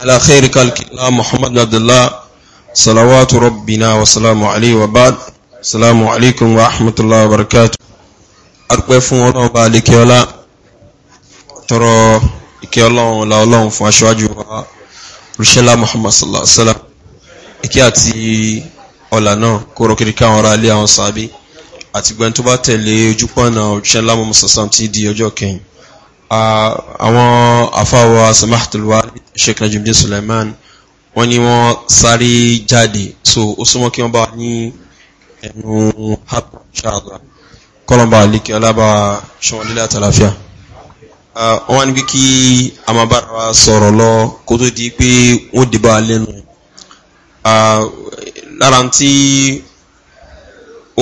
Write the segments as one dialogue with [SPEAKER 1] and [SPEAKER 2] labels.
[SPEAKER 1] على خير خلق الله محمد عبد الله صلوات ربنا وسلام عليه وبعد السلام عليكم ورحمة الله وبركاته أرقى فون الله بالك يولا ترى إكي الله ولا الله فأشواج رشلا محمد صلى الله عليه وسلم إكي أتي ولا نو kóró kiri káwọn ará ilé àwọn sàábí àtìgbẹ́ni tó bá tẹ̀lé ojúpọ̀nà òjíṣẹ́ lámọ́ mọ́sàsàm tí di ọjọ́ àwọn afáwọ samahatulwa sheikh najimdin suleiman wọ́n ní wọ́n sáré jáde so ó súnmọ́ kí wọ́n bá ní ẹnu hapu ṣáàgbà kọlọmbà líkì alábà ṣọwọ́lélẹ̀ àtàlàfíà wọ́n wá ní pé kí a máa bára wa sọ̀rọ̀ lọ kó tó di pé wọ́n dìbò alẹ́nu lára tí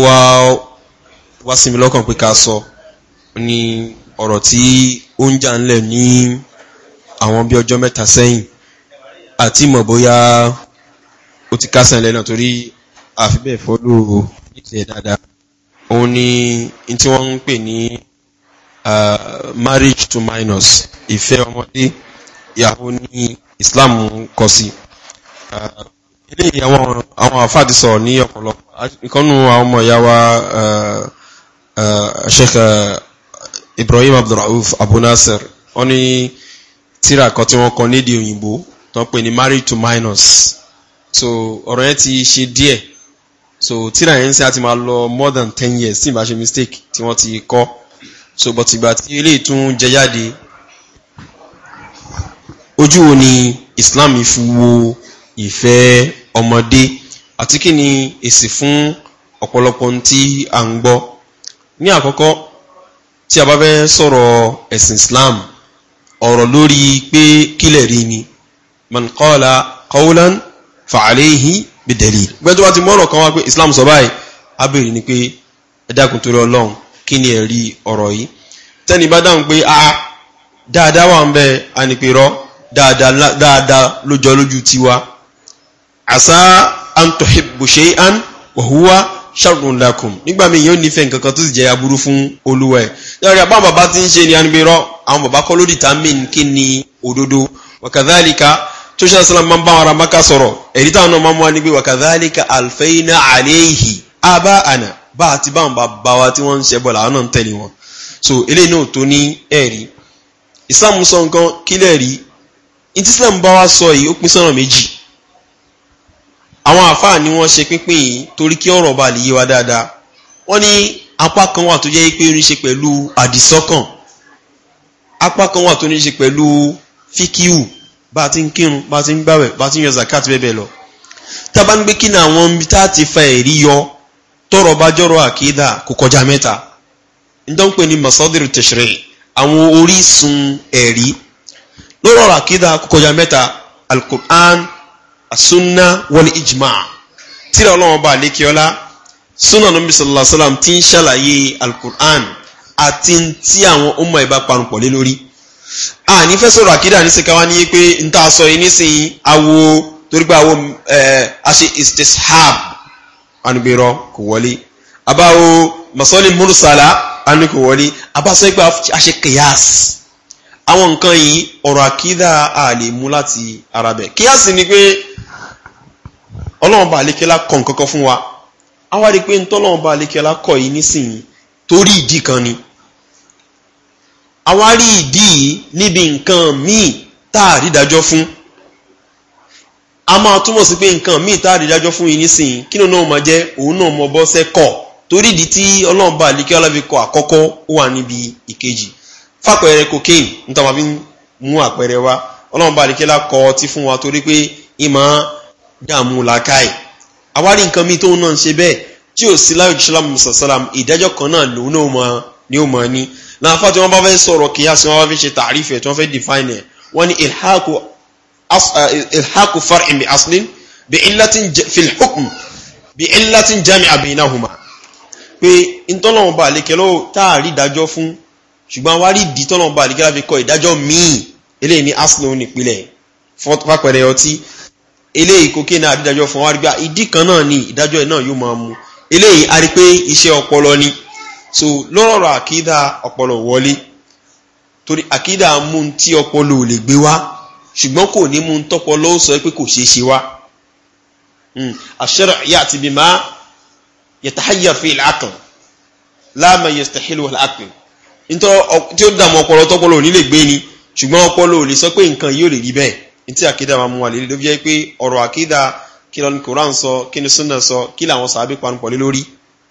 [SPEAKER 1] wá wá lọ́kàn pé ká sọ ní ọ̀rọ̀ tí oúnjẹ ńlẹ̀ ní àwọn bí ọjọ́ mẹ́ta sẹ́yìn àti mọ̀ bóyá ó ti kásẹ̀ ńlẹ̀ náà torí àfibẹ̀ fọ́lù ìṣẹ̀ dáadáa òun ni tí wọ́n ń pè ní marriage to minors ìfẹ́ ọmọdé ìyàwó ní Islam kọ sí eléyìí àwọn àfáà ti sọ̀rọ̀ ní ọ̀pọ̀lọpọ̀ ìkọ́nù àwọn ọmọ ìyá wa Sheikh Ibrahim Abdulrauf Abu Nasir wọ́n ní tíra kan tí wọ́n kọ nídìí òyìnbó tó ń pè ní married to minors so ọ̀rọ̀ yẹn ti ṣe díẹ̀ so tíra yẹn ń sẹ́ àti máa lọ more than ten years tí ìbá ṣe mistake tí wọ́n ti kọ́ so but ìgbà tí eléyìí tún jẹ jáde ojú wo ni Islam fi wo ìfẹ́ ọmọdé àti kí ni èsì fún ọ̀pọ̀lọpọ̀ ohun tí à ń gbọ́ ní àkọ́kọ́ tí a bá fẹ́ sọ̀rọ̀ ẹ̀sìn Islam ọ̀rọ̀ lórí pé kílẹ̀ rí ni man qala qawlan fa alayhi bi dalil gbẹ́ tó bá ti mọ́rọ̀ kan wá pé Islam sọ báyìí á bèèrè ni pé ẹ dákun torí Ọlọ́run kí ni ẹ̀rí ọ̀rọ̀ yìí tẹ́ni bá dáhùn pé a dáadáa wà ń bẹ a dáadáa ló lójú tiwa àṣà an tuhibbu shay'an lakum nígbà míì yóò nífẹ̀ẹ́ nǹkan kan tó sì jẹ́ aburú fún olúwa ẹ̀ lọ́rọ̀ àbá bàbá ti ń ṣe ni anubirọ́ àwọn bàbá kọ́ ló determine kí ni òdodo wàkàdálíkà tó ṣe àṣàlá máa ń bá ara maka sọ̀rọ̀ ẹ̀rí táwọn náà máa mú wa ní pé wàkàdálíkà alfẹ́yìnà àléhì àbá àná bá àti báwọn bàbá wa tí wọ́n ń ṣe bọ̀ làwọn náà ń tẹ̀lé wọn so eléyìí náà tó ní ẹ̀rí islam sọ nǹkan kílẹ̀ rí ní tí islam bá wa sọ yìí ó pín sọ́nà méjì àwọn àfáà ni wọ́n ṣe pínpín yìí torí kí ọ̀rọ̀ bá lè yé wa dáadáa wọ́n ní apá kan wà tó jẹ́ pé ó ní ṣe pẹ̀lú àdìsọ́kàn apá kan wà tó ní ṣe pẹ̀lú fíkíù bá ti ń kírun bá ti ń gbàwẹ̀ bá ti ń yọ zakat bẹ́ẹ̀ lọ tá a bá ń gbé kí ni àwọn ibi tá a ti fa ẹ̀rí yọ tọrọ bá jọrọ àkídà kò kọjá mẹ́ta nítorí pé ní masadiru tẹ̀sírẹ̀ àwọn orísun ẹ̀rí lọ́rọ̀ àkídà kò kọjá mẹ́ta alukur'an asunna wọlé ijma tíra ọlọ́wọ́n bá àlékè súnà nàbí sallallahu sallam ti ń ṣàlàyé alukur'an àti ti àwọn ọmọ ìbá parunpọ̀ lé lórí a ní fẹ́ sọ̀rọ̀ àkídà ní sèkáwá ní pé n ta sọ yìí nísìnyí awo torí pé awo ase istishab anugbèrọ kò wọlé abáwo masoli mursala anu kò wọlé abáṣọ pé ase kìyàs àwọn nǹkan yìí ọ̀rọ̀ àkídà a lè mú láti ara bẹ̀ kìyàs ni pé ọlọ́run bá àlékelá kọ̀ nǹkan wa àwa rí i pé ntọ́lọ́wọ́n bá alekela kọ̀ yìí nísìnyí torí ìdí kan ni àwa rí ìdí yìí níbi nǹkan míì tá a rí dájọ́ fún a máa túmọ̀ sí pé nǹkan míì tá a rí dájọ́ fún yìí nísìnyí kí ló náà máa jẹ́ òun náà mọ bọ́ sẹ́kọ̀ torí ìdí tí ọlọ́run bá alekela fi kọ àkọ́kọ́ ó wà níbi ìkejì fàpẹẹrẹ cocaine níta máa fi mú àpẹẹrẹ wa ọlọ́run bá alekela kọ ọtí fún wa torí pé ìmọ̀ dààmú làákàyè àwárí nǹkan mi tóun náà ń ṣe bẹ́ẹ̀ tí ò sí láyò jíṣẹ́ láàmú sàsálàm ìdájọ́ kan náà lòun náà mọ ni ó mọ ní láàfà tí wọ́n bá fẹ́ sọ̀rọ̀ kíyàsí wọ́n bá fẹ́ ṣe tàrífẹ̀ tí wọ́n fẹ́ define ẹ̀ wọ́n ní ilhaku far'in bi aslin bi illatin fil hukm bi illatin jami'a bainahuma pé ntọ́lọ́wọ́n bá àlékẹ́ lọ́wọ́ tá ìdájọ́ fún ṣùgbọ́n wá rí ìdí tọ́lọ́wọ́n bá àlékẹ́ láfi kọ ìdájọ́ míì eléyìí ní aslin ò ní ìpìlẹ̀ fọ́pàpẹ̀rẹ̀ ọtí eléyìí kò kéèna àrídájọ́ fún wa rí gbà ìdí kan náà ni ìdájọ́ náà yóò máa mu eléyìí a rí pé iṣẹ́ ọpọlọ ni so lọ́rọ̀ àkídà ọpọlọ wọlé torí àkídà mú un tí ọpọlọ ò lè gbé wá ṣùgbọ́n kò ní mú un tọpọlọ ó sọ pé kò ṣeé ṣe wá àṣẹrọ hmm. ìyá àti bímá yẹtàhàyà fi ìlàkàn láàmà yẹtàhìlù ìlàkàn tí ó dààmú ọpọlọ tọpọlọ ò ní lè gbé ni ṣùgbọ́n ọpọlọ ò lè sọ pé nǹkan yóò lè rí bẹ́ẹ̀ ntí àkídà máa mú wa lélẹ̀ ló fi jẹ́ pé ọ̀rọ̀ àkídà kí lọ́nà koran sọ kí ni sunna sọ kí làwọn sàábì panupọ̀ lé lórí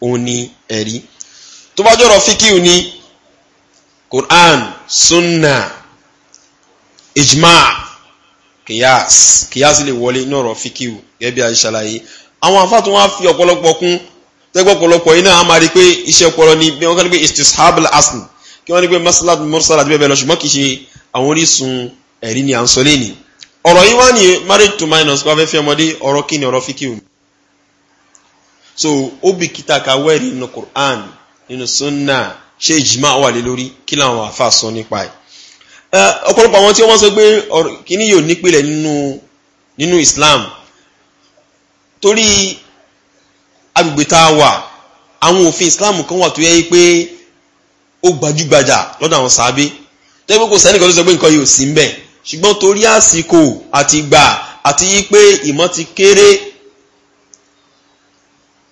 [SPEAKER 1] òun ni ẹ̀rí tó bá jọ̀rọ̀ fíkìú ni koran sunna ijma kìyàs kìyàs lè wọlé ní ọ̀rọ̀ fíkìú gẹ́gẹ́ bí a ṣàlàyé àwọn àfáà tó wá fi ọ̀pọ̀lọpọ̀ kún tẹ́gbọ́ ọ̀pọ̀lọpọ̀ iná a máa rí pé iṣẹ́ ọpọlọ ni bí wọ́n kọ́ ní pé istishabul asl kí wọ́n ní pé masalat mursal bẹ́ẹ̀ bẹ́ẹ̀ lọ ṣùgbọ́n kì í ṣe àwọn orísun ẹ̀rí ni à ń sọ lénìí ọ̀rọ̀ yìí wá ní marriage to minors kó afẹ́fẹ́ ọmọdé ọ̀rọ̀ kí ni ọ̀rọ̀ fi kí o so ó bì kíta wẹ́ẹ̀rì nínú quran nínú sunna ṣé ìjìmá wà lé lórí kí làwọn àfa sọ nípa ẹ̀ ọ̀pọ̀lọpọ̀ àwọn tí wọ́n sọ pé kíní yóò nípìnlẹ̀ nínú islam torí agbègbè tá a wà àwọn òfin islam kan wà tó yẹ pé ó gbajúgbajà lọ́dọ̀ àwọn sàábé tẹ́gbẹ́ kò sẹ́nìkan tó sọ pé nǹkan yóò sí ń bẹ́ẹ̀ ṣùgbọ́n torí àsìkò àti ìgbà àti wípé ìmọ̀ ti kéré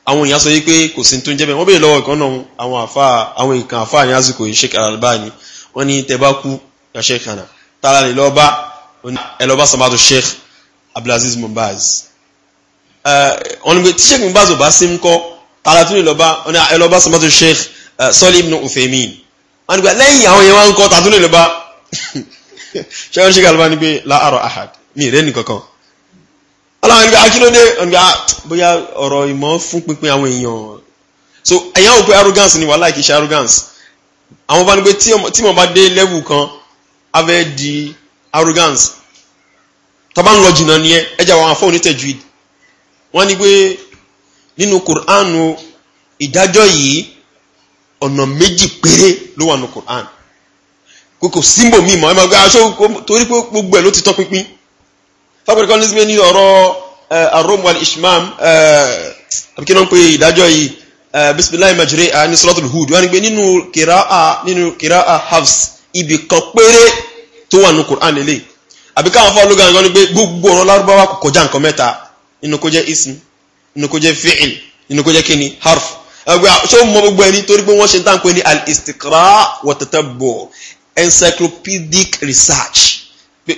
[SPEAKER 1] àwọn èèyàn sọ wípé kò sí tó ń jẹ́ bẹ́ẹ̀ wọ́n béèrè lọ́wọ́ ìkan náà àwọn àfa àwọn ìkan àfa ní àsìkò yìí ṣe kàrà bá ní wọ́n ní tẹ bá kú ṣe kàrà tààrà lè lọ́ọ́ ẹ lọ́ọ́ bá samadu abdulaziz mubaz ọ̀nà tí sheikh mubaz ò bá sí ń kọ́ tààrà tún lè lọ́ọ́ bá ẹ lọ́ọ́ bá samadu sọ́lí eh, ibn ufemin wọ́n ní gbà lẹ́yìn àwọn yẹn wá ń kọ́ tààrà tún lè lọ́ọ́ ṣẹ́wọ́n ṣe kàlùbá ní pé láàárọ̀ ahad mi ìrẹ́ nìkankan aláwọn ẹni pé akílódé ah, ọ̀nà bóyá ọ̀rọ̀ ìmọ̀ fún pínpín àwọn èèyàn so ẹ̀yàn ò pé arrogance ni wàhálà kìí ṣe arrogance àwọn bá ní pé tí mo bá dé level kan a di arrogance tọ́ba ń lọ jìnnà nìyẹn ẹja àwọn afọ́ onítẹ̀jú id wọ́n ní pé nínú Qur'an ìdájọ́ yìí ọ̀nà méjì péré ló wà ní Qur'an kò kò símbò mi mọ̀ ẹ máa gbé aṣọ torí pé gbogbo ẹ̀ ló ti tọ́ pínpín fábọ̀dé kan ní síbi ní ọ̀rọ̀ aromwal ishmam àbíkí náà ń pe ìdájọ́ yìí bisimilayi majire ní suratul hud wọ́n ní pé nínú kìráà nínú kìráà hafs ibì kan péré tó wà ní quran lélẹ̀ àbí káwọn afọ ológun àgbọn ní pé gbogbo ọ̀rọ̀ lárúbáwá kò kọjá nǹkan mẹ́ta nínú kó jẹ́ ism nínú kó jẹ́ fi'il nínú kó jẹ́ kíni harf ṣé ó mọ gbogbo ẹni torí pé wọ́n ṣe ń tàn pé ní al-istiqra wa encyclopedic research pé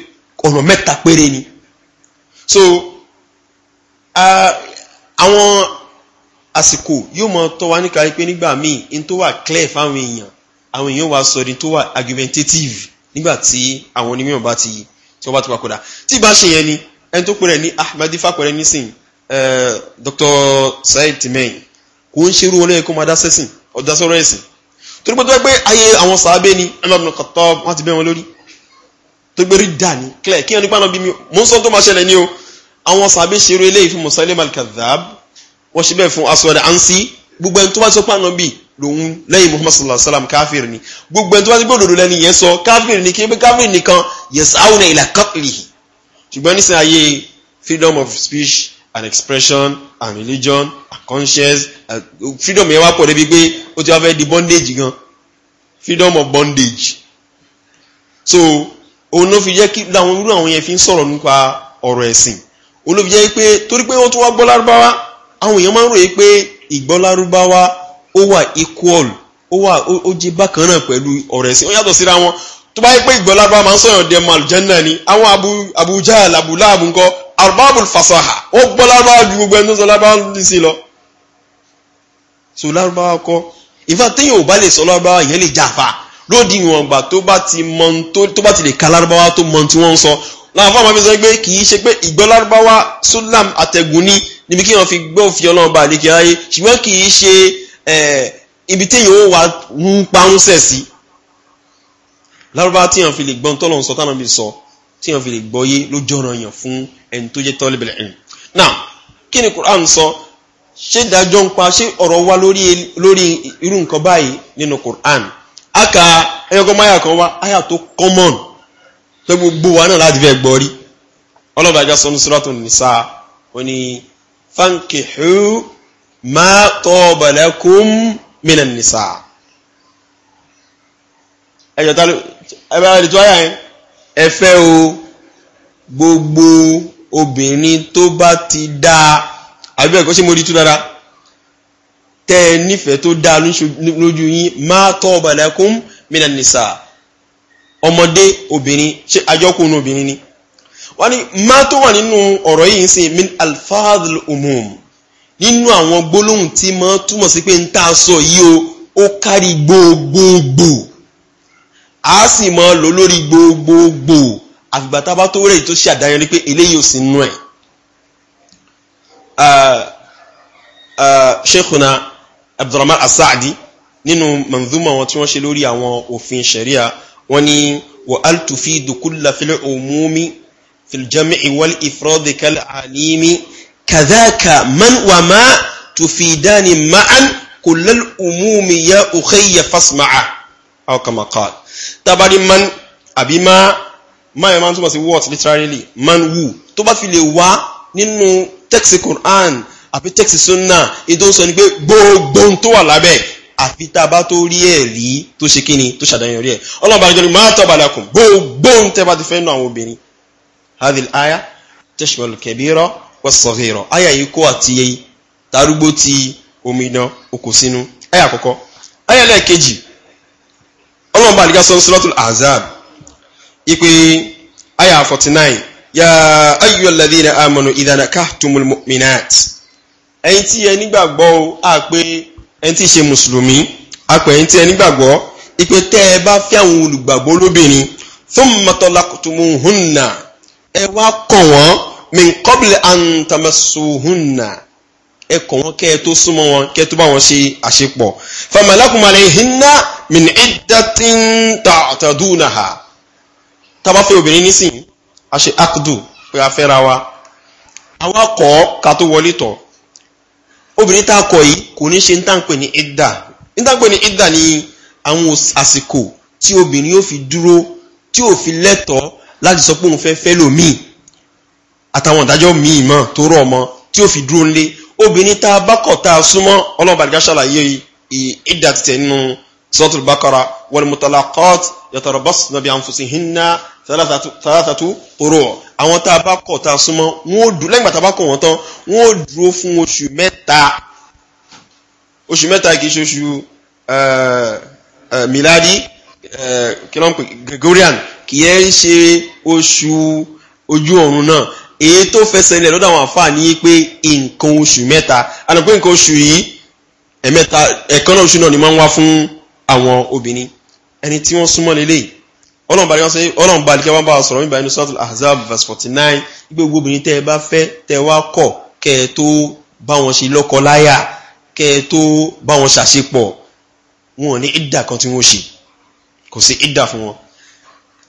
[SPEAKER 1] ọ̀nà mẹ́ta péré ni so àwọn àsìkò yóò mọ tọ́ wa níka pé nígbà míì in tó wà clear fáwọn èèyàn àwọn èèyàn wa sọ ní tó wà argumentative nígbà tí àwọn onímọ̀ bá ti tí wọ́n bá ti papòdà tí ìbá ṣe yẹn ni ẹni tó pèrè ní ahmed fapẹ̀rẹ̀ nísìn dr saheed timehin kò ń ṣerú olóyè kó máa dá sẹ́sìn ọ̀dá sọ́rọ̀ ẹ̀sìn torí pé tó wá pé ayé àwọn sàábé ni ẹlọ́dún kọ̀tọ́ wọ́n ti bẹ́ wọn lórí tó gbé rí dà ní clear kí wọn nípa náà bí mi mò ń sọ tó máa ṣẹlẹ̀ ní o àwọn sàábé ṣe eré eléyìí fún Musailim al-Kadhdhab wọ́n ṣe bẹ́ẹ̀ fún asọ̀rẹ̀ ansi gbogbo ẹni tó bá sọ pé ànábì lòun lẹ́yìn Muhammad sallallahu alayhi wa sallam káfíìrì ni gbogbo ẹni tó bá ti gbọ́dọ̀ lẹ́ni yẹn sọ káfíìrì ni kí ebi káfíìrì nìkan yẹsàáwò náà ìlà kọ́pìlì ṣùgbọ́n nísìnyí ayé freedom of speech and expression and religion and conscience and freedom yẹn wá pọ̀ débi pé ó ti wá fẹ́ di bondage gan freedom of bondage so òun ló fi jẹ́ kí láwọn irú àwọn yẹn fi ń sọ̀rọ̀ nípa ọ̀rọ̀ ẹ̀sìn òun ló fi jẹ́ pé torí pé wọ́n tún wá gbọ́ lárúbáwá àwọn èèyàn máa ń ròyìn pé ìgbọ́ lárúbáwá ó wà equal ó wà ó jẹ́ bákan náà pẹ̀lú ọ̀rọ̀ ẹ̀sìn ó yàtọ̀ síra wọn tó bá yẹ pé ìgbọ́ lárúbáwá máa ń sọ̀rọ̀ dẹ́mọ̀ àlùjẹ́ńdà ni àwọn abu abu ńkọ́ arbabul fasaha ó gbọ́ lárúbáwá ju gbogbo ẹni tó sọ lárúbáwá ní sí lọ so lárúbáwá kọ́ ìfà téèyàn ò bá lè sọ lárúbáwá yẹn lè jàfa lóde ìwọ̀n gbà tó bá ti mọ tó bá ti lè ka lárúbáwá tó mọ tí wọ́n ń sọ láwọn fáwọn mi sọ pé kì í ṣe pé ìgbọ́ lárúbáwá sulam àtẹ̀gùn ní níbi kí wọ́n fi gbọ́ òfin ọlọ́run bá àdékè ayé ṣùgbọ́n kì í ṣe ibi téèyàn ó wà ń pa ń sẹ̀ sí lárúbáwá téèyàn fi lè gbọ́n tọ́lọ́run tí wọ́n fi lè gbọ́yé lójú ọ̀nà yàn fún ẹni tó jẹ́ tọ́lẹ̀bẹ̀lẹ̀ ẹ̀yìn. now kí ni quran sọ ṣé dájọ́ ń pa ṣé ọ̀rọ̀ wá lórí irú nǹkan báyìí nínú quran aka ẹyọkọ máyà kan wá àyà tó common tó gbogbo wa náà láti fẹ́ gbọ́ rí ọlọ́ba ajá sọ́nu sọ́rọ́tò nìsa ó ní fankihu ma tọ́balẹ̀kùn minan nìsa ẹ̀jọ̀ tá ló ẹ bá rí tó àyà yẹn ẹ fẹ́ o gbogbo obìnrin tó bá ti dáa àbí ẹ̀kọ́ ṣe mo di tú dára tẹ́ ẹ nífẹ̀ẹ́ tó dáa lójú yín máa tọ́ ọba lẹ́kún mìíràn nìsà ọmọdé obìnrin ṣe àjọkùnrin obìnrin ni wọ́n ní máa tó wà nínú ọ̀rọ̀ yìí ń sìn min alfadl umum nínú àwọn gbólóhùn tí máa túmọ̀ sí pé ń tà sọ yìí o ó kárí gbogbogbò a sì mọ lò lórí gbogbogbò àfìgbà tá a bá tó rẹ̀ tó ṣe àdáyẹrí pé eléyìí ò sí nú ẹ̀. sheikhuna abdulrahman asaadi nínú manzuma wọn tí wọ́n ṣe lórí àwọn òfin sharia wọ́n ní wa altufi dukula fil umumi fil jami'i wal ifrodi alimi kadhaka man wa ma tufidani ma'an kullal umumi ya ukhayya fasma'a aw kama qal tábàrí man àbí má má yẹn máa ń túmọ̀ sí what literally man wù To bá fi lè wá nínú tẹ́kisì Quran àbí tẹ́kisì sunna ètò ń sọ ni pé gbogbo ohun tó wà lábẹ́ àfi tá a bá tó rí ẹ̀ rí tó ṣe kí ni tó ṣàdáyàn rí ẹ̀ ọlọ́run bá rí jọ́ni máa tọ́ba lakùn gbogbo ohun tẹ́ bá ti fẹ́ nù àwọn obìnrin hadil aya tashmalu kabira wa saghira aya yìí kó àti yẹyí tarúgbó ti omidan okò sínú aya àkọ́kọ́ aya lẹ́ẹ̀kejì ọlọ́run bá àlìkà sọ́nù suratul azab ipe aya forty nine ya ayyuhal ladhina amanu idha nakahtumul mu'minat ẹ̀yin tí ẹ nígbàgbọ́ o a pé ẹni tí í ṣe mùsùlùmí a pè ẹni tí ẹ nígbàgbọ́ ipe tẹ́ ẹ bá fẹ́ àwọn olùgbàgbọ́ lóbìnrin thumma talaqtumuhunna ẹ wá kọ̀ wọ́n min qabli an tamassuhunna ẹ kọ̀ wọ́n kẹ́ ẹ tó súnmọ́ wọn kẹ́ ẹ tó bá wọn ṣe àṣepọ̀ famalakum alayhinna min iddatin ta'tadunaha tá a bá fẹ́ obìnrin nísìnyí a ṣe akdu pé a fẹ́ra wa àwa kọ́ ká tó wọlé tọ̀ obìnrin tá a kọ̀ yìí kò ní ṣe ń tà ń pè ní idda ń tà ń pè ní idda ní àwọn àsìkò tí obìnrin yóò fi dúró tí ò fi lẹ́tọ̀ọ́ láti sọ pé òun fẹ́ fẹ́ lòmíì àtàwọn ìdájọ́ míì mọ́ tó rọ̀ mọ́ tí ò fi dúró ńlé obìnrin tá a bá kọ̀ tá a súnmọ́ ọlọ́ọ̀bà àdìgá ṣàlàyé ìdá títẹ̀ سورة البقرة والمطلقات يتربصن بأنفسهن ثلاثة ثلاثة قروء àwọn tá a bá kọ̀ tá a súnmọ́ wọn ò dúró lẹ́yìn ìgbà tá a bá kọ̀ wọ́n tán wọn ò dúró fún oṣù mẹ́ta oṣù mẹ́ta kì í ṣe oṣù eh, eh, miladi eh, kìlọ́ǹpì Gregorian kì í ṣe oṣù ojú ọ̀run náà èyí tó fẹsẹ̀ nílẹ̀ lọ́dọ̀ àwọn àǹfààní pé nǹkan oṣù mẹ́ta àná pé nǹkan oṣù yìí ẹ̀mẹ́ta ẹ̀kan náà oṣù náà ni máa ń wá àwọn obìnrin ẹni tí wọ́n súnmọ́ lélẹ̀ ọlọ́run bá alikẹ́ wọn bá sọ̀rọ̀ nígbà inú sọ́tún ahzab verse forty nine gbé gbogbo obìnrin tẹ́ ẹ bá fẹ́ tẹ́ ẹ wá kọ̀ kẹ́ ẹ tó bá wọn ṣe lọ́kọ láyà kẹ́ tó bá wọn ṣàṣepọ̀ wọn ní ìdà kan tí wọ́n ṣe kò sí ìdà fún wọn.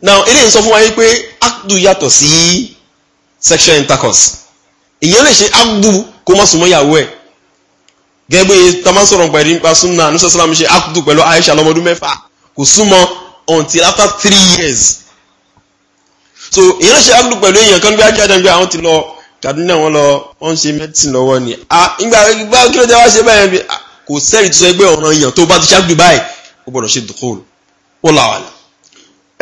[SPEAKER 1] now eléyìí sọ fún wa yìí pé akdu yàtọ̀ sí sexual intercourse ìyẹn lè ṣe akdu kó má súnmọ́ ìyàwó ẹ̀ gẹ́gbẹ́ tamá sọ̀rọ̀ pẹ̀lú nípa súnmọ́ ṣe akudu pẹ̀lú Aisha lọ́mọdún mẹ́fà kò súnmọ́ until after three years so èyí ló ṣe akudu pẹ̀lú èèyàn kan bí ajáde bí àwọn ti lọ Kaduna wọn lọ wọn ṣe medicine lọ́wọ́ ni ìgbà ìgbà kí ló dé wá ṣe báyẹn bí kò sẹ́rì tó sọ pé ọ̀ràn èèyàn tó bá ti ṣáàgbé báyìí ó gbọ́dọ̀ ṣe dùkúrù wọ́n là wà lá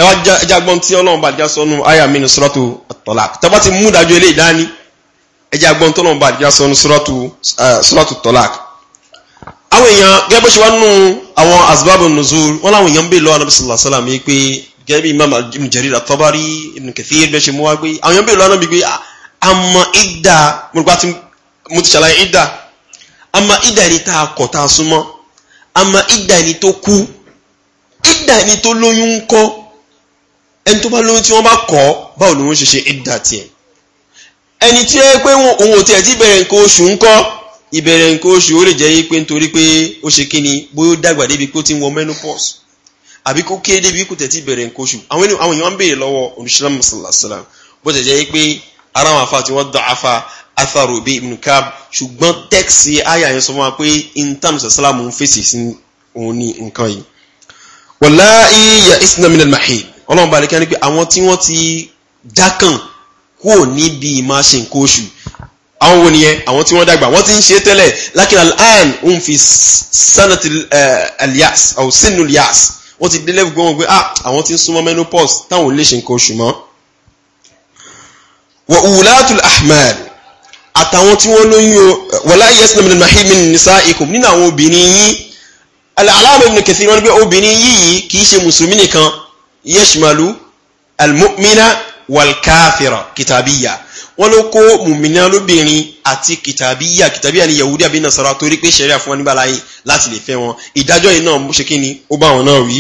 [SPEAKER 1] ẹ wá jágbọ́n tí Ọlọ́run bá dìjà sọnù àyà mi ní suratu at ẹ jágbọ́n tí Ọlọ́run bá dìjà sọnù suratu eh, suratu àwọn èèyàn gẹ́gẹ́ bó ṣe wá nù àwọn asbábù nùzúr wọ́n láwọn èèyàn ń bè lọ́wọ́ anabi sallallahu pé gẹ́gẹ́ bí imam ibn jarir at-tabari ibn kathir ṣe mú wá pé àwọn èèyàn ń bè lọ́wọ́ anabi pé ah, àmọ́ ìdá mo ti ṣàlàyé a kọ̀ tá a súnmọ́ àmọ́ ìdá ẹni tó kú ìdá ẹni tó lóyún ń kọ́ ẹni tó bá lóyún tí ni wọ́n ṣe ṣe ìdá tiẹ̀ ẹni tí ẹ pé òun ò tiẹ̀ ti bẹ̀rẹ̀ nǹkan ìbẹ̀rẹ̀ nǹkan oṣù ó lè jẹ́ yí pé nítorí pé ó ṣe kí ni bóyá ó dàgbà débi pé ó ti ń wọ menopause àbí kó kéré débi kò tẹ̀tí bẹ̀rẹ̀ nǹkan oṣù àwọn èèyàn ń béèrè lọ́wọ́ olùsílám mùsàlásílám bó ṣe jẹ́ yí pé ara àwọn afa tí wọ́n dọ̀ afa atharu bi ibn kab ṣùgbọ́n tẹ́ksì àyà yẹn sọ fún wa pé intam sàlám ń fèsì sí òun ní nǹkan yìí. wàláì ya isna minal mahid ọlọ́run bá a lè kí wọ́n ní pé àwọn tí wọ́n ti jákàn kúò níbi ìmáṣe nǹkan oṣù àwọn wo nìyẹn àwọn tí wọ́n dàgbà wọ́n ti ń ṣe tẹ́lẹ̀ lakin al-an ń fi sanati eh, alias àwọn sínú alias wọ́n ti délẹ̀ gbọ́n wọn pé ah àwọn ti ń súnmọ́ menopause táwọn ò lè ṣe nǹkan oṣù mọ́. wa ulatul ahmal àtàwọn tí wọ́n lóyún o wala yasna min al-mahid min nisaikum nínú àwọn obìnrin yìí al-alama ibn kathir wọ́n obìnrin yìí kì ṣe mùsùlùmí nìkan yashmalu al-mu'mina kìtàbíyà wọ́n ló kó mùmìnà lóbìnrin àti kìtàbíyà kìtàbíyà ni yahudi àbí nasara torí pé sẹ́ríà fún wọn nígbà láàyè láti lè fẹ́ wọn ìdájọ́ yìí náà ṣe kí ni ó bá wọn náà wí.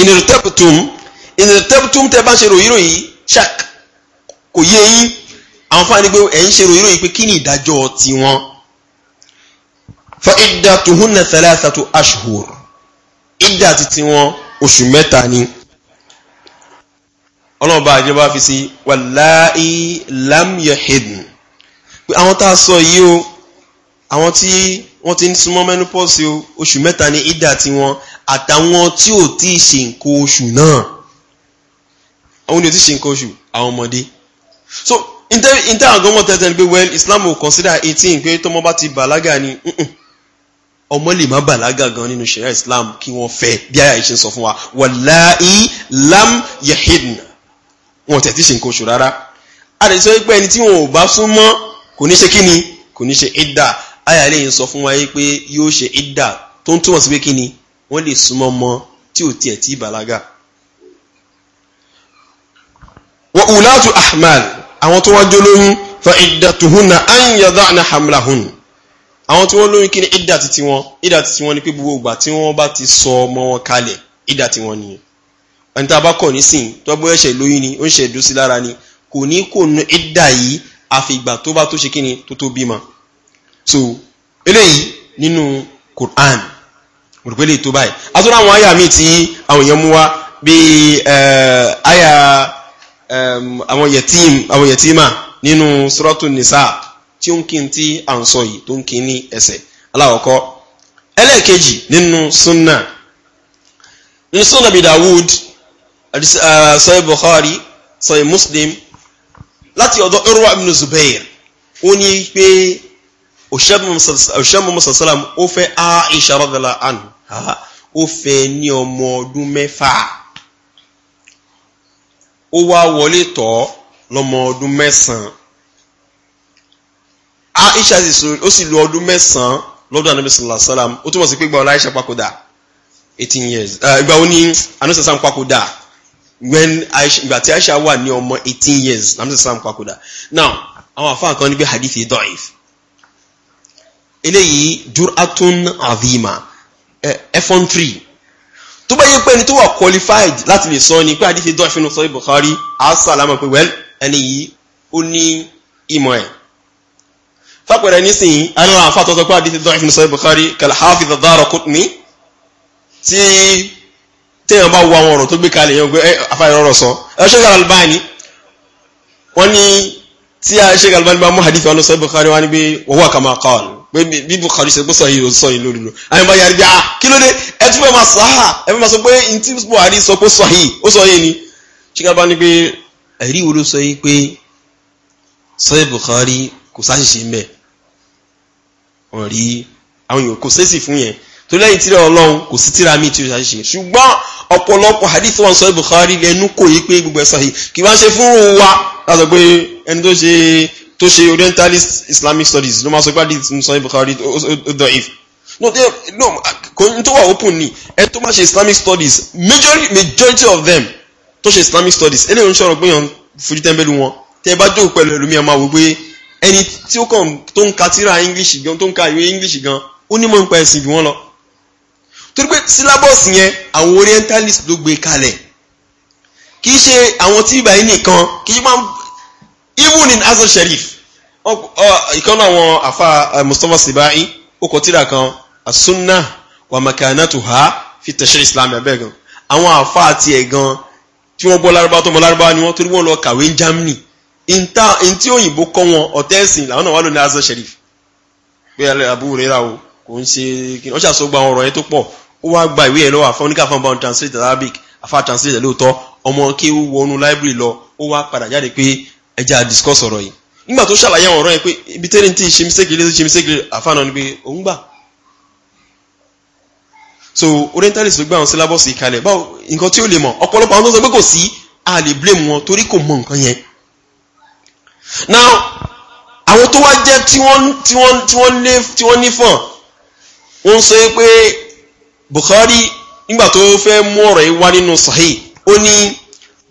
[SPEAKER 1] ìnìrìtẹ́pùtùm ìnìrìtẹ́pùtùm tẹ́ bá ń ṣe ròyìnrò yìí ṣak kò yé yín àwọn fáwọn ẹni pé ẹ̀ ń ṣe ròyìnrò yìí pé kí ni ìdájọ́ tiwọn. fa ìdá tuhunna thalathatu ashhur ìdá ti tiwọn oṣù mẹ́ta ni ọlọ́ọ̀bá àjọba fi sí wàláì lámyẹ̀hìdìn pé àwọn tá a sọ yìí o àwọn tí wọ́n ti ń súnmọ́ menopause o oṣù mẹ́ta ní ìdá tiwọn àtàwọn tí ò tí ì ṣe nǹkan oṣù náà àwọn ni ò tí ì ṣe nǹkan oṣù àwọn ọmọdé so inter àwọn gọ́mọ̀ tẹ́tẹ́ ni pé well Islam ò consider eighteen pé tọ́mọ bá ti bàlágà ni ọmọ lè má bàlágà gan nínú ṣẹ̀ríà Islam kí wọ́n fẹ́ bí àyà ìṣe sọ fún wa wàláì lámyẹ̀hìdìn wọn tẹ̀ tí ṣe nǹkan oṣù rárá a lè sọ pé ẹni tí wọn ò bá sún mọ́ kò ní ṣe kí ni kò ní ṣe ìdà àyà lè sọ fún wa pé yóò ṣe ìdà tó ń túmọ̀ sí pé kí ni wọ́n lè súnmọ́ mọ́ tí ò tiẹ̀ tí bàlágà. wọ́n ulatu ahmal àwọn tó wájú lóyún fa iddatuhunna an yada'na hamlahun àwọn tí wọ́n lóyún kí ni ìdà titi wọn ìdà titi wọn ni pé gbogbo ìgbà tí wọ́n bá ti sọ ọmọ wọn kalẹ̀ ìdà tiwọn nìyẹn ẹni tá a bá kọ̀ nísìn tọ́gbọ́n ẹ̀ṣẹ̀ lóyún ni ó ń ṣe ìdúsí lára ni kò ní kò nu ìdá yìí àfìgbà tó bá tó ṣe kíni tó tó bímọ so eléyìí nínú quran òrùpẹ́ lè tó báyìí atúrò àwọn àyà míì tí àwọn èèyàn mú wá bíi àyà àwọn yẹtìm àwọn yẹtìmà nínú sọ́rọ́tù nìsà tí ó ń kí n tí à ń sọ yìí tó ń kí ní ẹsẹ̀ aláwọ̀kọ́ ẹlẹ́ẹ̀kejì nínú sunna nínú sunna bíi dawud Uh, sọ́yẹ́ bukhari sọ́yẹ́ muslim láti ọ̀dọ̀ urwa ibn zubair ó ní pé òṣèlú musasalam ó fẹ́ aisha radala anhu ó fẹ́ ní ọmọ ọdún mẹ́fà ó wá wọlé tọ́ lọ́mọ ọdún mẹ́sàn-án aisha ó sì lo ọdún mẹ́sàn-án lọ́dún anabi sallallahu ó túmọ̀ sí pé gbà ọ̀la aisha papòdà uh, ìgbà ó ní anabi sallallahu when aisha ìgbà tí aisha wà ní ọmọ eighteen years namdi salam kwakuda now àwọn afa kan níbi hadith yìí dọ̀if eléyìí duratun avima effrontery tó bá yẹ pé ẹni tó wà qualified láti lè sọ ni pé hadith yìí dọ̀if nínú sọ ibùkárí asalama pé well ẹni yìí ó ní ìmọ̀ ẹ̀ fapẹ̀rẹ̀ nísìnyí àwọn afa tó sọ pé hadith yìí dọ̀if nínú sọ ibùkárí kàlhàfi dàdàrọ̀ kùtùmí tí téèyàn bá wo àwọn ọ̀rọ̀ tó gbé kalẹ̀ yẹn gbé afáyọ̀ ọ̀rọ̀ sọ ẹ ṣe Al-Albani wọ́n ní tí a ṣe Al-Albani bá mú hadith wọn lọ sọ Bukhari wọn ni pé wọ́n wà kàmá kọ́ọ̀lù pé bí Bukhari ṣe gbọ́sọ̀ yìí sọ yìí lórí lò àyìn bá yàrá bí ah kí ló dé ẹ tún fẹ́ máa sọ ha ah, ẹ fẹ́ máa sọ pé n tí Buhari sọ pé sọ yìí ó sọ yìí ni ṣe Al-Albani pé ẹ̀rí wo ló sọ yìí pé sọ Bukhari kò sáṣìṣe mẹ́ ọ̀rí àwọn èèyàn kò sẹ́sì fún yẹn tó lẹ́yìn tíra ọlọ́run kò sí tíra mi tí ó ṣàṣìṣe ṣùgbọ́n ọ̀pọ̀lọpọ̀ hadith wọn sọ Bukhari lẹ́nu kò yí pé gbogbo ẹ̀sọ́ yìí kì í wá ṣe fún wa láti pé ẹni tó ṣe tó ṣe orientalist Islamic studies ló máa sọ pé hadith ń sọ Bukhari ó if no they no kò ní tó wà open ni ẹni tó máa ṣe Islamic studies majority majority of them tó ṣe Islamic studies eléyìí ń ṣọ̀rọ̀ pé yàn fojú tẹ́ńbẹ́lú wọn tẹ́ bá jókòó pẹ̀lú ẹlòmíà máa wò pé ẹni tí ó kàn tó ń ka tíra English gan tó ń ka ìwé English gan ó nímọ̀ nípa ẹ̀sìn bí wọ́n lọ torí pé sílábọ̀sì yẹn àwọn orientalist ló gbé kalẹ̀ kì í ṣe àwọn tí ibà yìí nìkan kì í máa even in hasan sharif ìkan náà àwọn afa mustapha sibai ó kọ tírà kan asunna wa makanatuha fi tashri islam abẹ́ gan àwọn afa àti ẹ̀ gan tí wọ́n bọ́ lárúbá tó bọ́ lárúbá ni wọ́n torí wọ́n lọ kàwé ní germany nta ntí òyìnbó kọ́ wọn ọ̀tẹ́ ẹ̀sìn làwọn náà wà lónìí hasan sharif pé àbúrò o kò ń ṣe kí wọ́n ṣàṣọgbà ọ̀rọ̀ yẹn tó pọ̀ ó wá gba ìwé ẹ̀ lọ́wọ́ àfọ oníkà fún bọ́n translate arabic afa translate lóòótọ́ ọmọ kí ó wọnú library lọ ó wá padà jáde pé ẹja discuss ọ̀rọ̀ yìí nígbà tó ṣàlàyé àwọn ọ̀rọ̀ yẹn pé ibi tẹ́lẹ̀ tí ṣe mistake lé ṣe mistake lé àfa náà ni pé òun gbà so orientalist ló gbé àwọn syllabus yìí kalẹ̀ báwo nǹkan tí ó lè mọ̀ ọ̀pọ̀lọpọ̀ àwọn tó sọ pé kò sí a lè blame wọn torí kò mọ nǹkan yẹn now àwọn tó wá jẹ́ tí wọ́n ní fọ́n wọ́n sọ pé bukhari nígbà tó fẹ́ mú ọ̀rọ̀ yìí wá nínú sahih ó ní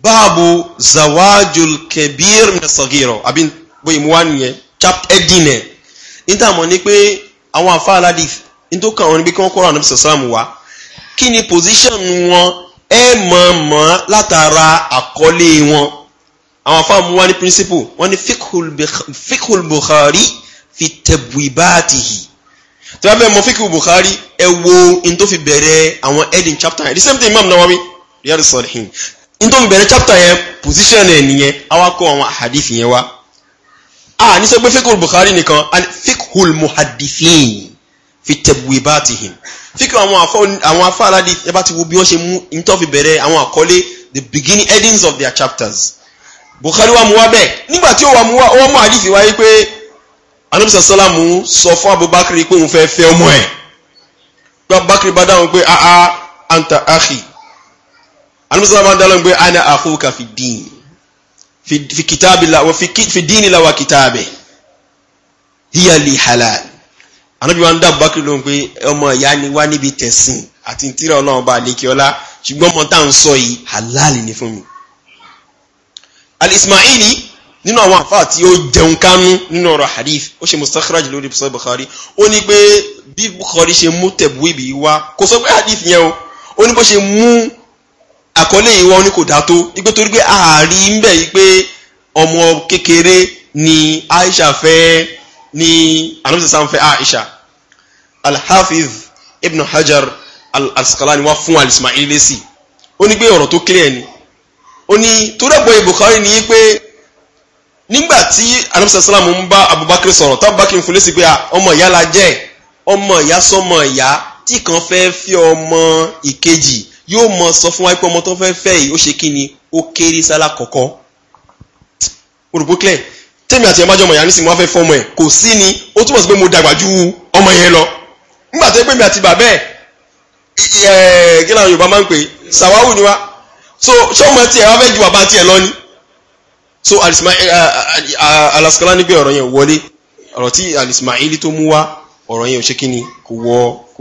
[SPEAKER 1] báàbù zawajul kebir nasagiro àbí bóyá mu wá nìyẹn chapter eighteen ẹ̀ níta mọ̀ ni pé àwọn àfa aládìí nítorí kan àwọn níbi kí wọ́n kọ́ra ànábì sàlámù wá kí ni position wọn ẹ mọ̀ mọ́ látara àkọlé wọn àwọn afa mu wá ní principle wọ́n ní fikhul bukhari fi tẹ̀bù ibáàtìhì tí wọ́n fẹ́ mọ fíkì Bukhari ẹ wo in tó fi bẹ̀rẹ̀ àwọn heading chapter yẹn the same thing Imam Nawawi Riyadus Salihin in tó fi bẹ̀rẹ̀ chapter yẹn position ẹ̀ nìyẹn àwa kó àwọn hadith yẹn wá a ní sọ pé fíkì Bukhari nìkan and fíkì muhadithin fi tẹ̀wé bá ti hìn fíkì àwọn afá aládì ẹ bá ti wo bí wọ́n ṣe mú in tó fi bẹ̀rẹ̀ àwọn àkọlé the beginning headings of their chapters Bukhari wa mu wa bẹ́ẹ̀ nígbà tí ó wa mu wa ó wọ́n mú hadith wáyé pé anamisa salamu sọ fún abubakar pé òun fẹ́ fẹ́ ọmọ ẹ̀ gba bakar bá dáhùn pé aa anta ahi anamisa salamu dáhùn pé ana akhuka fi dín fi kitaabi la fi dín la wa kitaabi hiya li halal anabi wa dá bakar lóhùn pé ọmọ ìyá ni wá níbi tẹ̀sìn àti ntírà ọlọ́run bá àlékè ṣùgbọ́n ọmọ ń sọ yìí halal ni fún mi al nínú àwọn àfáà tí ó jẹun kánú nínú ọ̀rọ̀ hadith ó ṣe mustakhraj lórí sọ bukhari ó ní pé bí bukhari ṣe mú tẹ̀bùwébì wá kò sọ pé hadith yẹn o ó ní bó ṣe mú àkọlé yìí wá ó ní kò dá tó ipe torí pé ààrí ń bẹ̀ yìí pé ọmọ kékeré ni aisha fẹ́ ni anamisa fẹ́ aisha alhafiz ibn hajar al-asqalani wá fún al lẹ́sì ó ní pé ọ̀rọ̀ tó kílẹ̀ ni ó ní torí ọ̀pọ̀ bukhari ni yìí pé nígbà tí anamisa salamu ń bá abubakar sọ̀rọ̀ tá abubakar fún lésì pé ọmọ ìyá la jẹ́ ọmọ ìyá sọmọ ìyá tí kan fẹ́ fẹ́ ọmọ ìkejì yóò mọ sọ fún wa pé ọmọ tó fẹ́ fẹ́ yìí ó ṣe kí ni ó kéré sálá kọ̀kọ́ olùbókílẹ̀ tèmi àti ẹ̀májọ́ ọmọ ìyá nísìnyí wọ́n fẹ́ fọ́ ọmọ ẹ̀ kò sí ni ó túmọ̀ sí pé mo dàgbà ju ọmọ yẹn lọ nígbà tó pè mí àti bàbá ẹ̀ ẹ̀ kí Yorùbá máa ń pè sàwáwù ni wa so ṣé ọmọ tiẹ̀ wá fẹ́ ju bàbá tiẹ̀ lọ ni so alaskalani eh, eh, eh, gbé ọ̀rọ̀ yẹn wọlé ọ̀rọ̀ tí alismaili tó mú wá ọ̀rọ̀ yẹn ò ṣe kíni kò wọ